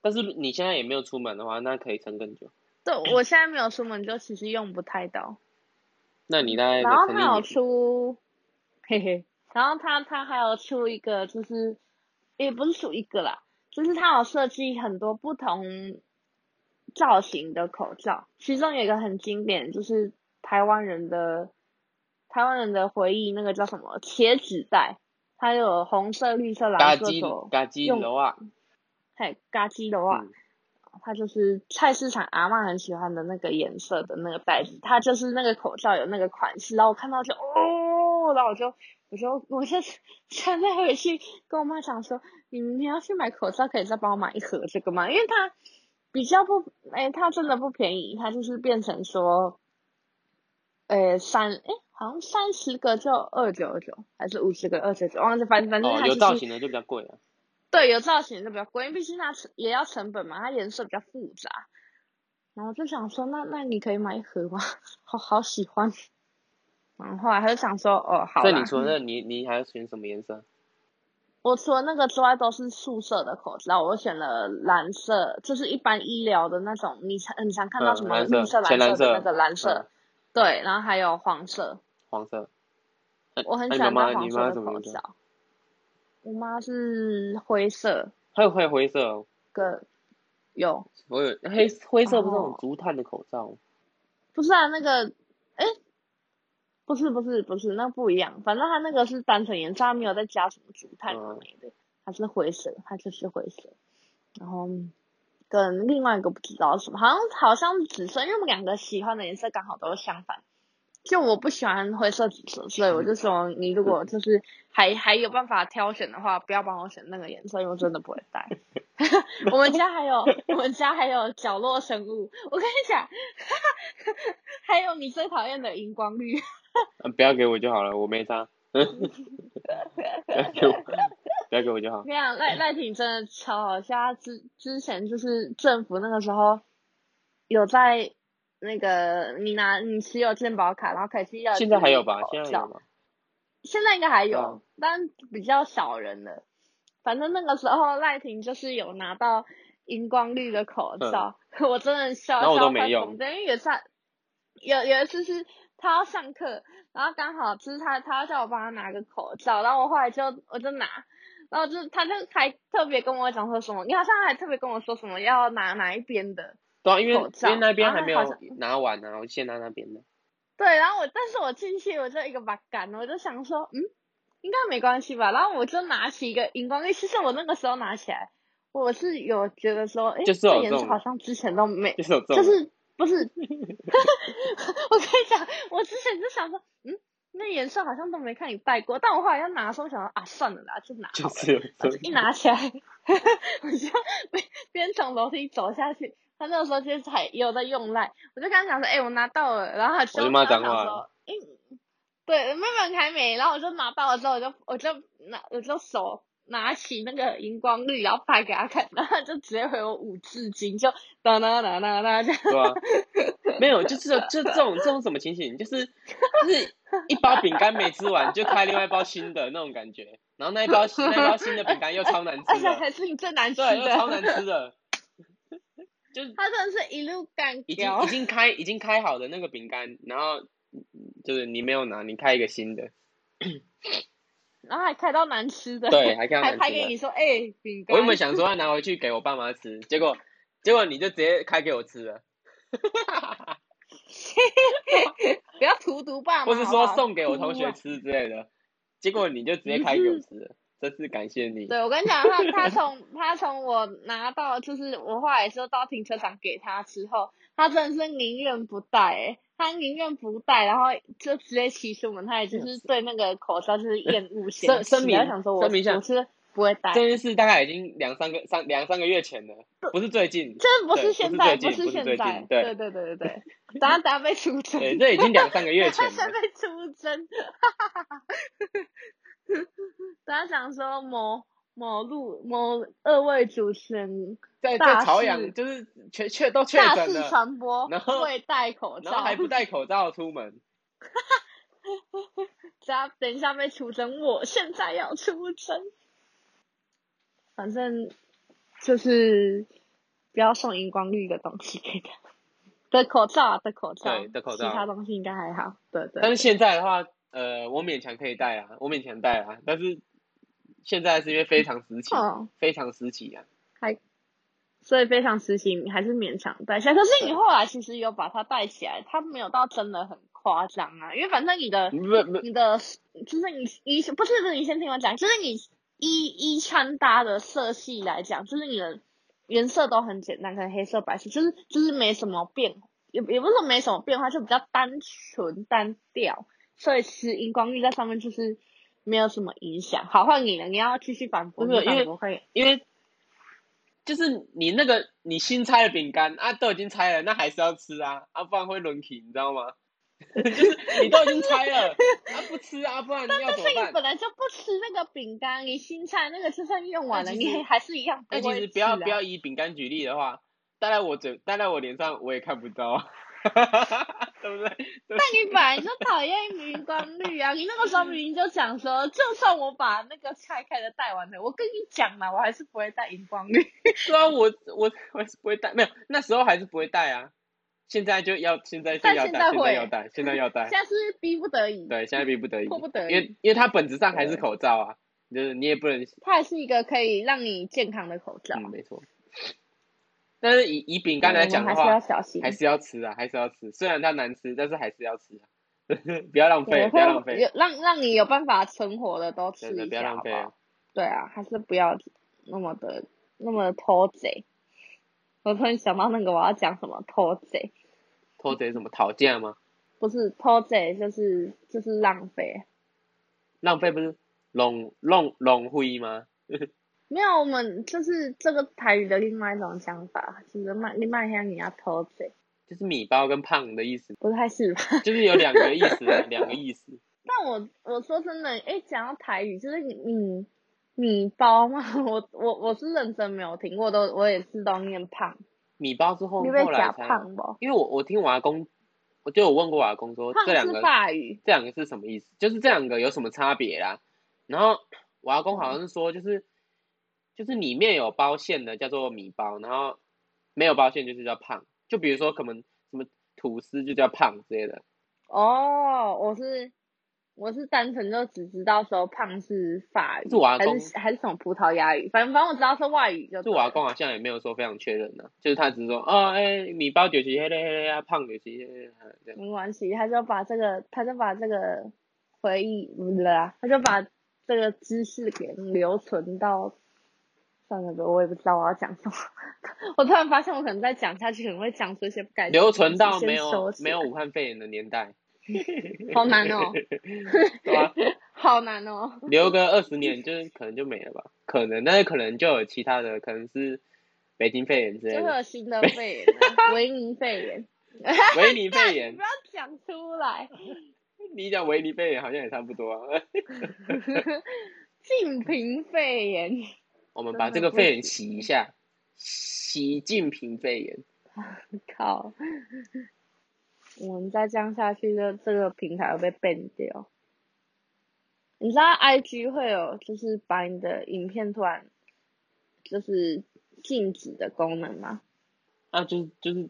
S2: 但是你現在也沒有出門的話，那可以撐更久。
S1: 對， 我現在沒有出門，就其實用不太到。
S2: 那你大概？然後還有出，
S1: 嘿嘿。然後他他還有出一個就是，也不是出一個啦，就是他有設計很多不同造型的口罩，其中有一個很經典，就是台灣人的台灣人的回憶，那個叫什麼茄子袋，它有紅色、綠色、藍色的，咖雞的話、啊，嘿，咖雞的話、啊，嗯、它就是菜市場阿嬤很喜歡的那個顏色的那個袋子，它就是那個口罩有那個款式，然後我看到就哦。後來我就，我就我現在現在回去跟我媽講說，嗯、你明天要去買口罩，可以再幫我買一盒這個嗎？因為它比較不，哎、欸，它真的不便宜，它就是變成說，哎、欸、三，哎、欸、好像三十個就二九二九，還是五十個二九二九，忘記翻，反反正它，就是哦、有造型的就比較貴了。對，有造型的比較貴，因為畢竟它也要成本嘛，它顏色比較複雜。然後我就想說，那那你可以買一盒嗎？好好喜歡。然後還是想說哦，好。在你說，那
S2: 你你還要選什麼顏色？
S1: 我除了那個之外，都是素色的口罩。我選了藍色，就是一般醫療的那種。你常你常看到什麼？綠色、藍色的那個藍色。對，然後還有黃色。黃色。我很喜歡黃色口罩。我媽是灰色。
S2: 還有黑灰色哦。對。有。我有黑灰色，不是那種竹炭的口罩。
S1: 不是啊，那個，誒不是不是不是，那不一樣。反正他那個是單純顏色，沒有再加什麼竹炭美的，它、嗯、是灰色，它就是灰色。然後跟另外一個不知道什麼，好像好像紫色，因為我們兩個喜歡的顏色剛好都是相反。就我不喜歡灰色紫色，所以我就說你如果就是還還有辦法挑選的話，不要幫我選那個顏色，因為我真的不會戴。 我們家還有 我們家還有角落生物，我跟你講，還有你最討厭的熒光綠。
S2: 啊、不要給我就好了，我沒差。 不要給我，不要給我
S1: 就好。我跟賴賴婷真的超好，像之之前就是政府那個時候，有在那個你拿你持有健保卡，然後可以是要。現在還有吧？現
S2: 在
S1: 還有。現在應該還有，嗯、但比較少人了。反正那個時候賴婷就是有拿到熒光綠的口罩，嗯、我真的笑。那我都沒用。等於也算有有，有一次是。他要上課，然後剛好就是他，他要叫我幫他拿個口罩，然後我後來就我就拿，然後就他就還特別跟我講說什麼，你好像還特別跟我說什麼要拿哪一邊的，
S2: 對、嗯，因為因為那邊還沒有拿完、啊，然後先拿那邊的。
S1: 對，然後我但是我進去我就一個 bug，我就想說嗯，應該沒關係吧，然後我就拿起一個熒光綠，其實我那個時候拿起來，我是有覺得說，哎，顏色好,好像之前都沒，就是,就是。不是， 我跟你講，我之前就想說，嗯，那顏色好像都沒看你戴過，但我後來要拿的時候我想說，想到啊，算了拿去拿吧。
S2: 就只有你。一拿
S1: 起來，哈哈，我就邊從樓梯走下去，他那個時候其實還有在用賴，我就跟他講說，誒、欸、我拿到了，然後他就剛好說，嗯、欸，對，慢慢開眉，然後我就拿到了之後，我就我就拿，我就收。拿起那個熒光綠，然後拍給他看，然後就直接回我五字經，就當當當當當這樣。
S2: 吧 沒有，就是就這種這種什麼情形，就是 就是一包餅乾沒吃完， 就開另外一包新的那種感覺。然後那一包 那一包新的餅乾又超難吃，而且還
S1: 是你最難吃的，超難吃
S2: 的。
S1: 就是它真的是一路乾。已經已經
S2: 開已經開好的那個餅乾，然後就是你沒有拿，你開一個新的。
S1: 然後還開到難吃的，對，還開到難吃的，還開給你說哎，餅乾、 欸。我原本想說要
S2: 拿回去給我爸媽吃，結果，結果你就直接開給我吃
S1: 了。 不要荼毒爸媽。或是說送給我同學
S2: 吃之類的，吧結果你就直接開給我吃了，真是 感謝你。對，我
S1: 跟你講，他他從他從我拿到，就是我畫的時候到停車場給他之後，他真的是寧願不戴，欸，他寧願不戴，然後就直接騎出門，他也就是對那個口罩就是厭惡顯，生森米想說，森米不是不會戴這
S2: 件事大概已經兩三個，三兩三個月前了，這不是最近，這不是現在，不是，不是現在是對對對對對
S1: 對對。等下 被出征，對，這已經兩三個月前了。他準備出征，哈哈哈哈哈。等下想說麼？某路某二位主持人在，在朝大潮事陽，就是全全，全都確診了，播，然後不戴口罩，還不戴
S2: 口罩出門，哈
S1: 哈，只要等一下被出征，我現在要出征，反正就是不要送熒光綠的東西給他，戴口罩啊戴口罩，戴口罩，口罩其他東西應該還好，對對，對。但是現
S2: 在的話，呃，我勉強可以戴啊，我勉強戴啊，但是。現在是因為非常時期，
S1: 哦、非常時期啊，還，所以非常時期你還是勉強戴下，可是你後來其實有把它戴起來，是它沒有到真的很誇張啊，因為反正你的是你的就是你你不是不，就是你先聽我講，就是你一一穿搭的色系來講，就是你的顏色都很簡單，可能黑色白色，就是就是沒什麼變化，也也不是說沒什麼變化，就比較單純單調，所以是熒光綠在上面就是。沒有什麼影響，好，換你了，你要繼續反駁，因為
S2: 是因為，就是你那個你新拆的餅乾啊，都已經拆了，那還是要吃啊，啊，不然會輪 k，你知道嗎？ 就是你都已經拆了，
S1: 啊，不吃啊，不然你要怎麼辦？但是你本來就不吃那個餅乾，你新拆那個就算用完了，你還是一樣不、啊。但其實不要不要以
S2: 餅乾舉例的話，戴在我嘴戴在我臉上，我也看不到啊。
S1: 哈哈哈，對不對？但你本來就討厭熒光綠啊！ 你那個時候明明就想說，就算我把那個拆開，開的戴完了，我跟你講嘛，我還是不會戴熒光綠。
S2: 對、啊、我我我還是不會戴，沒有那時候還是不會戴啊。現在就要現在要戴，現在要戴現在要戴。現
S1: 在是逼不得已。對，
S2: 現在逼不得已。迫不得已，因為，因為它本質上還是口罩啊，對就是你也不能。
S1: 它還是一個可以讓你健康的口罩。嗯、沒錯。
S2: 但是以以餅乾來講的話，還是要小心。還是要吃啊，還是要吃。雖然它難吃，但是還是要吃、啊， 不要浪費，嗯、不要浪
S1: 費。讓讓你有辦法存活的都吃一下吧。啊對啊，還是不要那麼的那麼的拖賊。我突然想到那個我要講什麼拖賊，
S2: 拖賊什麼討價嗎？
S1: 不是拖賊、就是，就是就是浪費。
S2: 浪費不是龍龍龍灰嗎？
S1: 沒有，我們就是這個台語的另外一種講法，是是要多多就是「賣」另外一項你要偷嘴，
S2: 就是「米包」跟「胖」的意思，不太是吧？就是有兩個意思， 兩個意思。
S1: 但我我說真的，哎，講到台語，就是米「米米包」嘛，我我我是認真沒有聽過，都我也是都念「胖」。
S2: 米包之後你胖後來不因為我我聽我阿公，我就有問過我阿公說，這兩個這兩個是什麼意思？就是這兩個有什麼差別啦？然後我阿公好像是說，就是。嗯就是裡面有包餡的叫做米包，然後沒有包餡就是叫胖。就比如說，可能什麼吐司就叫胖之類的。
S1: 哦，我是我是單純就只知道說胖是法語，是還是還是什麼葡萄牙語？反正反正我知道是外語就。就瓦光好
S2: 像也沒有說非常確認呢、啊，就是他只是說啊，哎、哦欸，米包就是黑嘞黑嘞啊，胖就是這樣。
S1: 沒關係，他就把這個，他就把這個回憶，他就把這個知識給留存到。嗯算了，我我也不知道我要講什麼。我突然發現，我可能再講下去，可能會講出一些不該留存到沒有沒有武
S2: 漢肺炎的年代。好難哦！
S1: 啊、好難哦！留
S2: 個二十年就，就是可能就沒了吧？可能，但是可能就有其他的，可能是北京肺炎之類的，就會
S1: 有新的肺炎，維 尼肺炎，
S2: 維 尼肺炎，不要
S1: 講出來。
S2: 你講維尼肺炎，好像也差不多、啊。
S1: 禁 品肺炎。
S2: 我們把這個肺炎洗一下，習近平肺炎。
S1: 靠！我們再這樣下去，這這個平台會被 ban 掉。你知道 I G 會有就是把你的影片突然就是禁止的功能嗎？啊，就是就是，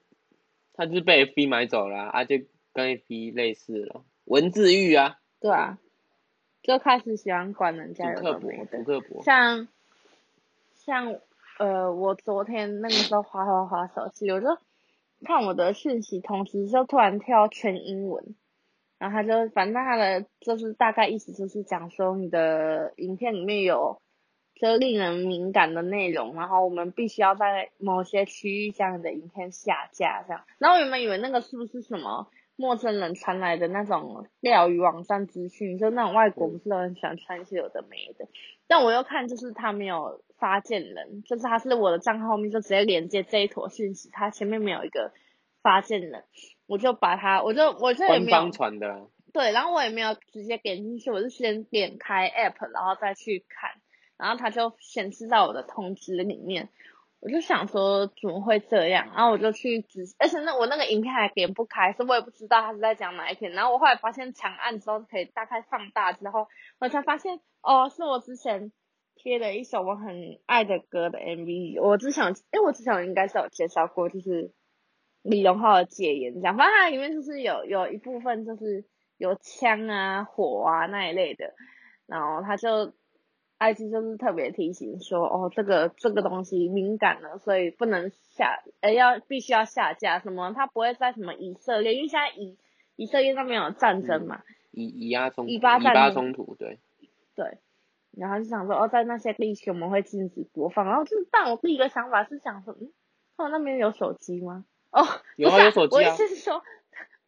S2: 它就是被 F B 買走了啊，啊，就跟 F B 類似了，文字獄啊。
S1: 對啊，就開始喜歡管人家有沒有沒的。不刻薄，不刻薄。像。像，呃，我昨天那個時候滑滑滑手機，我就看我的訊息，同時就突然跳全英文，然後他就反正他的就是大概意思就是講說，你的影片裡面有，就令人敏感的內容，然後我們必須要在某些區域將你的影片下架這樣。然後我原本以為那個是不是什麼？陌生人傳來的那種釣魚網站資訊，就那種外國不是都很喜歡傳一些有的沒的，嗯、但我又看就是他沒有發件人，就是他是我的賬號後面就直接連接這一坨信息，他前面沒有一個發件人，我就把他，我就我就也沒有官方
S2: 傳的啦，
S1: 對，然後我也沒有直接點進去，我就先點開 app 然後再去看，然後它就顯示在我的通知裡面。我就想說怎麼會這樣，然後我就去，而且那我那個影片還點不開，所以我也不知道他是在講哪一篇。然後我後來發現，長按之後可以大概放大之後，我才發現哦，是我之前貼的一首我很愛的歌的 MV、欸。我只想，誒我之前應該是有介紹過，就是李榮浩的《戒煙》講，反正它裡面就是有有一部分就是有槍啊、火啊那一類的，然後他就。IG 就是特別提醒說，哦，這個這個東西敏感了，所以不能下，呃、欸，要必須要下架什麼？它不會在什麼以色列，因為現在以以色列那邊有戰爭嘛，以以壓衝，以，以，以巴衝突，對，對。然後就想說，哦，在那些地區我們會禁止播放。然後就但我第一個想法是想說，哦、嗯，那邊有手機嗎？哦，有啊，啊有手機、啊、我意思是說。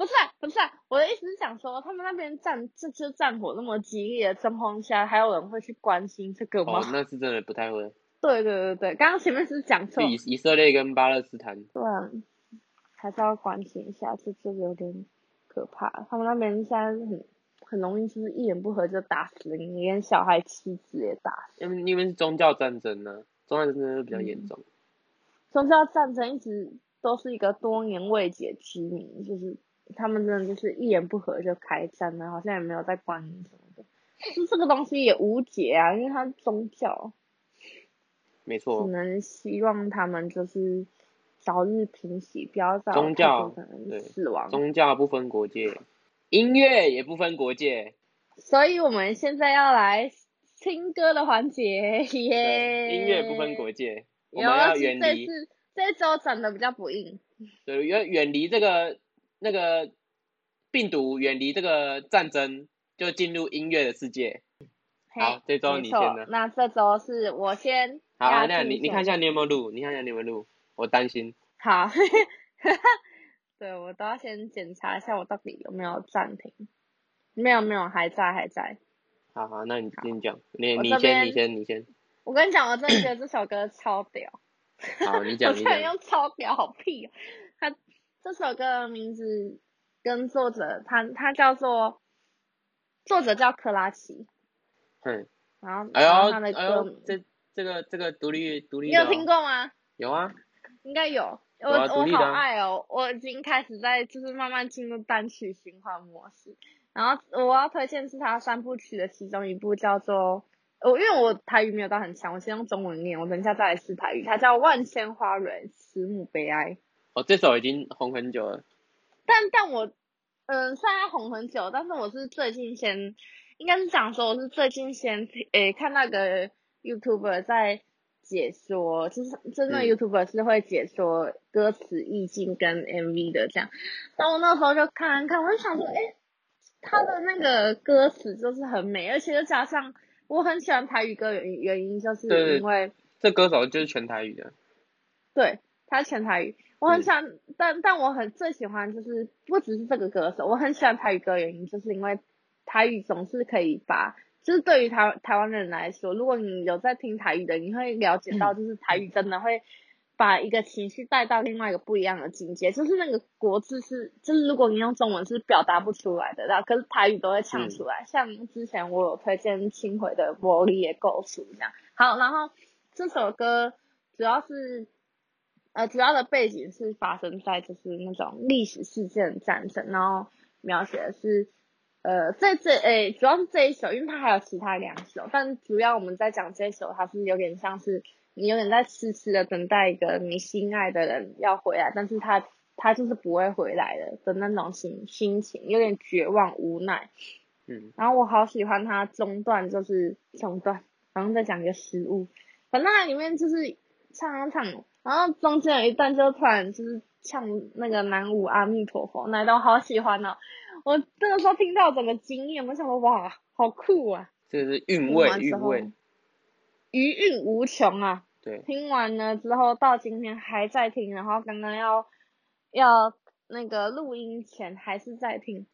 S1: 不是、啊、不是、啊，我的意思是想說，他們那邊戰，這次戰火那麼激烈，的情況下，還有人會去關心這個嗎？哦、那
S2: 是真的不太會。對對
S1: 對對，剛剛前面是講錯。以
S2: 以色列跟巴勒斯坦。對
S1: 啊，還是要關心一下，這這個有點可怕。他們那邊現在很很容易，就是一言不合就打死你，連小孩、妻子也打死。
S2: 因為因為是宗教戰爭呢、啊，宗教戰爭是比較嚴重、嗯。
S1: 宗教戰爭一直都是一個多年未解之謎，就是。他們真的就是一言不合就開戰了，好像也沒有在關什麼的，就這個東西也無解啊，因為它宗教。
S2: 沒錯錯。只
S1: 能希望他們就是早日平息，不要造成死亡
S2: 宗教。宗教不分國界，音樂也不分國界。
S1: 所以我們現在要來聽歌的環節耶！音樂不分
S2: 國界，我們要遠離。
S1: 這次這次我長得比較不硬。
S2: 對，遠遠離這個。那個病毒，遠離這個戰爭，就進入音樂的世界。Hey,
S1: 好，這週你先。那這週是我先。好啊，那你你看一下你有
S2: 沒有錄？你看一下你有沒有錄？我擔心。
S1: 好。 對，我都要先檢查一下我到底有沒有暫停。沒有沒有，還在還在。
S2: 好好，那你先講，你好你先你先你先。
S1: 我跟你講，我真的覺得這首歌 超屌。好，你講
S2: 你講。 我竟然用
S1: 超屌，好屁喔這首歌的名字跟作者，他他叫做，作者叫克拉奇，對，
S2: 然
S1: 後他
S2: 的
S1: 歌名，哎、這這個這個獨立獨立、哦、你有聽過嗎？有啊，應該有，有啊、我、啊、我好愛哦，我已經開始在就是慢慢進入單曲循環模式，然後我要推薦是他三部曲的其中一部叫做，我、哦、因為我台語沒有到很強，我先用中文念，我等一下再來試台語，它叫萬千花蕊慈母悲哀。
S2: 我、哦、這首已經紅很久了，
S1: 但但我，嗯，雖然紅很久，但是我是最近先，應該是講說我是最近先，誒、欸，看那個 YouTuber 在解說，就是真、就是 YouTuber 是會解說歌詞意境跟 MV 的這樣，那我、嗯、那時候就看看，我就想說，哎、欸，他的那個歌詞就是很美，而且就加上我很喜歡台語歌原原因就是因為
S2: 這歌手就是全台語的，
S1: 對，他全台語。我很想，是但但我很最喜歡，就是不只是這個歌手，我很喜歡台語歌的原因，就是因為台語總是可以把，就是對於台台灣人來說，如果你有在聽台語的，你會了解到，就是台語真的會把一個情緒帶到另外一個不一樣的境界，就是那個國字是，就是如果你用中文是表達不出來的，但可是台語都會唱出來，嗯、像之前我有推薦清回的《玻璃的故事》這樣，好，然後這首歌主要是。呃，主要的背景是發生在就是那種歷史事件、戰爭，然後描寫的是，呃，在這這誒、欸，主要是這一首，因為它還有其他兩首，但主要我們在講這一首，它是有點像是你有點在癡癡的等待一個你心愛的人要回來，但是他他就是不會回來的的那種心心情，有點絕望無奈。嗯。然後我好喜歡它中段，就是中段，然後再講一個失誤，反正它裡面就是唱啊唱。然後中間有一段就突然就是唱那個南無阿彌陀佛那都我好喜歡哦。我這個時候聽到整個驚艷，我想到哇，好酷啊！
S2: 這是韻味、韻味，
S1: 餘韻無窮啊。對。聽完了之後到今天還在聽，然後剛剛要要那個錄音前還是在聽，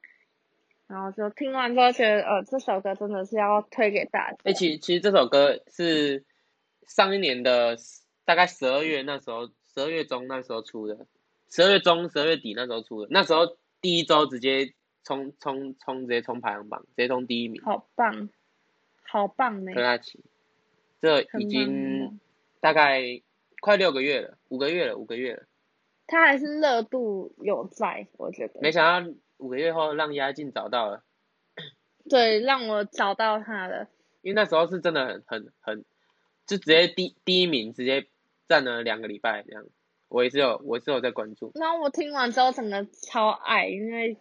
S1: 然後就聽完之後覺得呃這首歌真的是要推給大家。哎、欸，其實
S2: 其實這首歌是上一年的。大概十二月那時候，十二月中那時候出的，十二月中十二月底那時候出的，那時候第一周直接衝衝衝，直接衝排行榜，直接衝第一
S1: 名。好棒，嗯、好棒沒、
S2: 欸，這已經大概快六個月了，五個月了，五個月了。
S1: 他還是熱度有在，我覺得。沒想到
S2: 五個月後讓鴨勁找到了。
S1: 對，讓我找到他了。
S2: 因為那時候是真的很很很，就直接第第一名，直接。站了兩個禮拜這樣，我也是有，我也是有在關注。
S1: 然後我聽完之後真的超愛，因為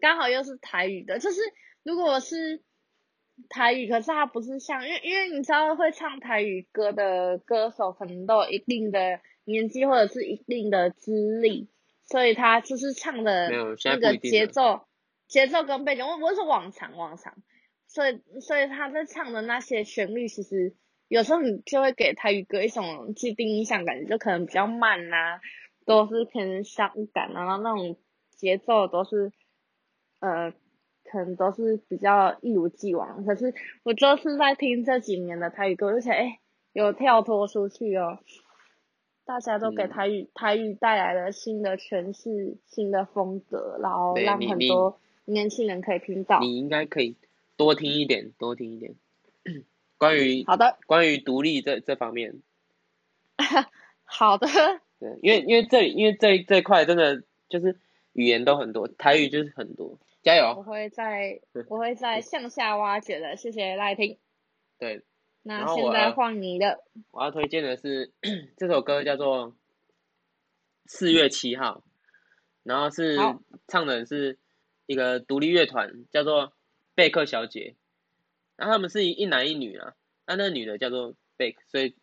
S1: 剛好又是台語的，就是如果是台語，可是他不是像，因為因為你知道會唱台語歌的歌手，可能都有一定的年紀或者是一定的資歷，所以他就是唱的那個節奏，節奏跟背景，我我是往常往常，所以所以他在唱的那些旋律其實。有時候你就會給台語歌一種既定印象，感覺就可能比較慢吶、啊，都是偏傷感、啊，然後那種節奏都是，呃，可能都是比較一如既往。可是我就是在聽這幾年的台語歌，就哎、欸，有跳脫出去哦，大家都給台語、嗯、台語帶來了新的詮釋、新的風格，然後讓很多年輕人可以聽到。你，你
S2: 應該可以多聽一點，多聽一點。 關於好的，關於獨立這這方面，
S1: 好的。
S2: 對，因為因為這因為這這塊真的就是語言都很多，台語就是很多，加油！我
S1: 會再我會再向下挖掘的， 謝謝賴廷。對，那現在換你的，
S2: 我要推薦的是 這首歌叫做《四月七號》，然後是好唱的是一個獨立樂團叫做貝克小姐。然後他們是一男一女啊，啊，那個女的叫做貝克，所以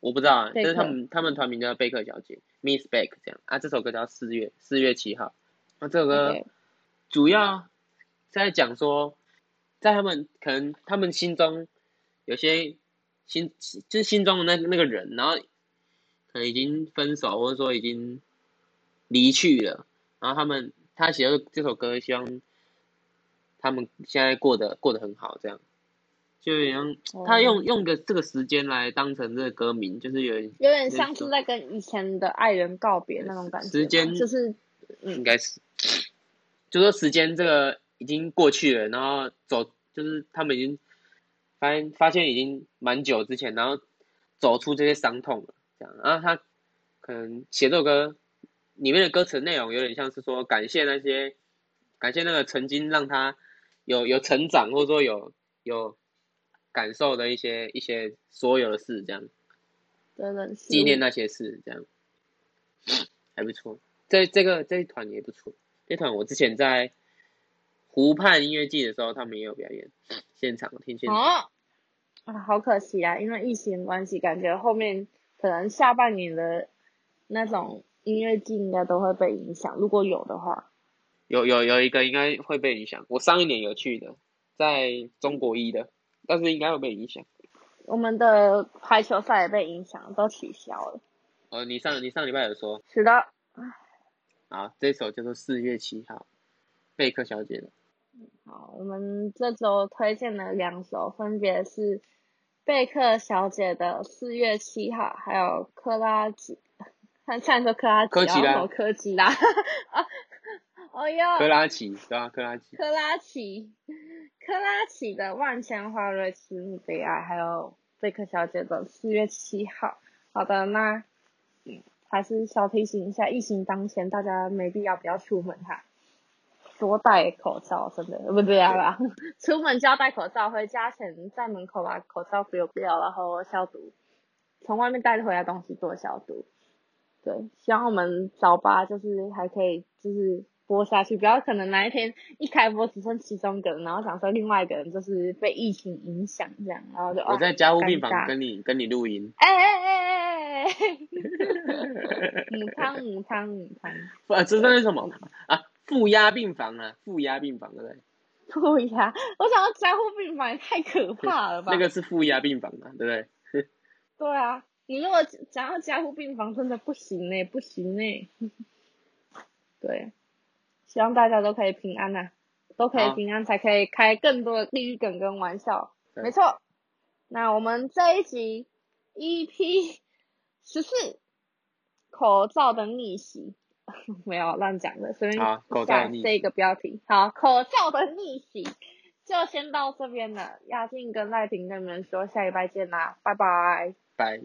S2: 我不知道啊，就克是他們他們團名叫貝克小姐克，Miss Beck 這樣啊。這首歌叫四月四月七號，啊，這首歌主要在講說，在他們可能他們心中有些心就是心中的那那個人，然後可能已經分手或者說已經離去了，然後他們他寫了這首歌希望他們現在過得過得很好這樣。就一樣，他用用個這個時間來當成這個歌名，嗯，就是有點有點像是
S1: 在跟以前的愛人告別那種感覺，時間，
S2: 就是嗯，應該是，就說時間這個已經過去了，然後走就是他們已經發現發現已經蠻久之前，然後走出這些傷痛了，這樣，然後他可能寫這首歌裡面的歌詞內容有點像是說感謝那些感謝那個曾經讓他有有成長，或者說有有。感受的一些一些所有的事，這樣，
S1: 真的是紀念那
S2: 些事，這這樣還不錯。這這個這一團也不錯，這一團我之前在湖畔音樂季的時候，他們也有表演，現場聽現場哦，
S1: 啊，好可惜啊，因為疫情關係，感覺後面可能下半年的那種音樂季應該都會被影響，如果有的話，
S2: 有有有一個應該會被影響。我上一年有去的，在中國一的。但是應該會被影響，
S1: 我們的排球賽也被影響，都取消了。
S2: 哦，你上你上禮拜有說。是的。好，這首叫做《四月七號》，貝克小姐的。
S1: 好，我們這周推薦了兩首分別是，貝克小姐的《四月七號》，還有克拉吉，看 唱說克拉吉，科、哦、吉拉，科吉拉。哦喲。科拉奇，
S2: 對啊，科拉奇。
S1: 科拉奇。珂拉琪的《萬千花蕊慈母悲哀》，還有貝克小姐的《四月七號》。好的，那嗯，還是小提醒一下，疫情當前，大家沒必要不要出門哈，多戴口罩，真的，對不這樣啦。對出門就要戴口罩，回家前在門口把口罩丟掉，然後消毒，從外面帶回來東西做消毒。對，希望我們早八就是還可以，就是。播下去，不要可能那一天一開播只剩其中一個人，然後想說另外一個人就是被疫情影響這樣，然後就、啊、我在加護病房跟
S2: 你跟你錄音。哎哎哎哎哎哎！哈哈哈
S1: 哈哈母湯、母湯、母
S2: 湯、啊，這是什麼對啊？負壓病房啊，負壓病房對
S1: 不對？負壓，我想要加護病房也太可怕了吧？ 那個是
S2: 負壓病房啊，對不
S1: 對？ 對啊，你如果想要加護病房，真的不行呢、欸，不行呢、欸。 對。希望大家都可以平安吶、啊，都可以平安好才可以開更多的地域梗跟玩笑，對沒錯。那我們這一集 EP 十四， 口罩的逆襲，沒有亂講的，隨便下這一個標題。好，口罩的逆襲就先到這邊了。鴨勁跟賴廷跟你們說，下禮拜見啦，拜拜。拜。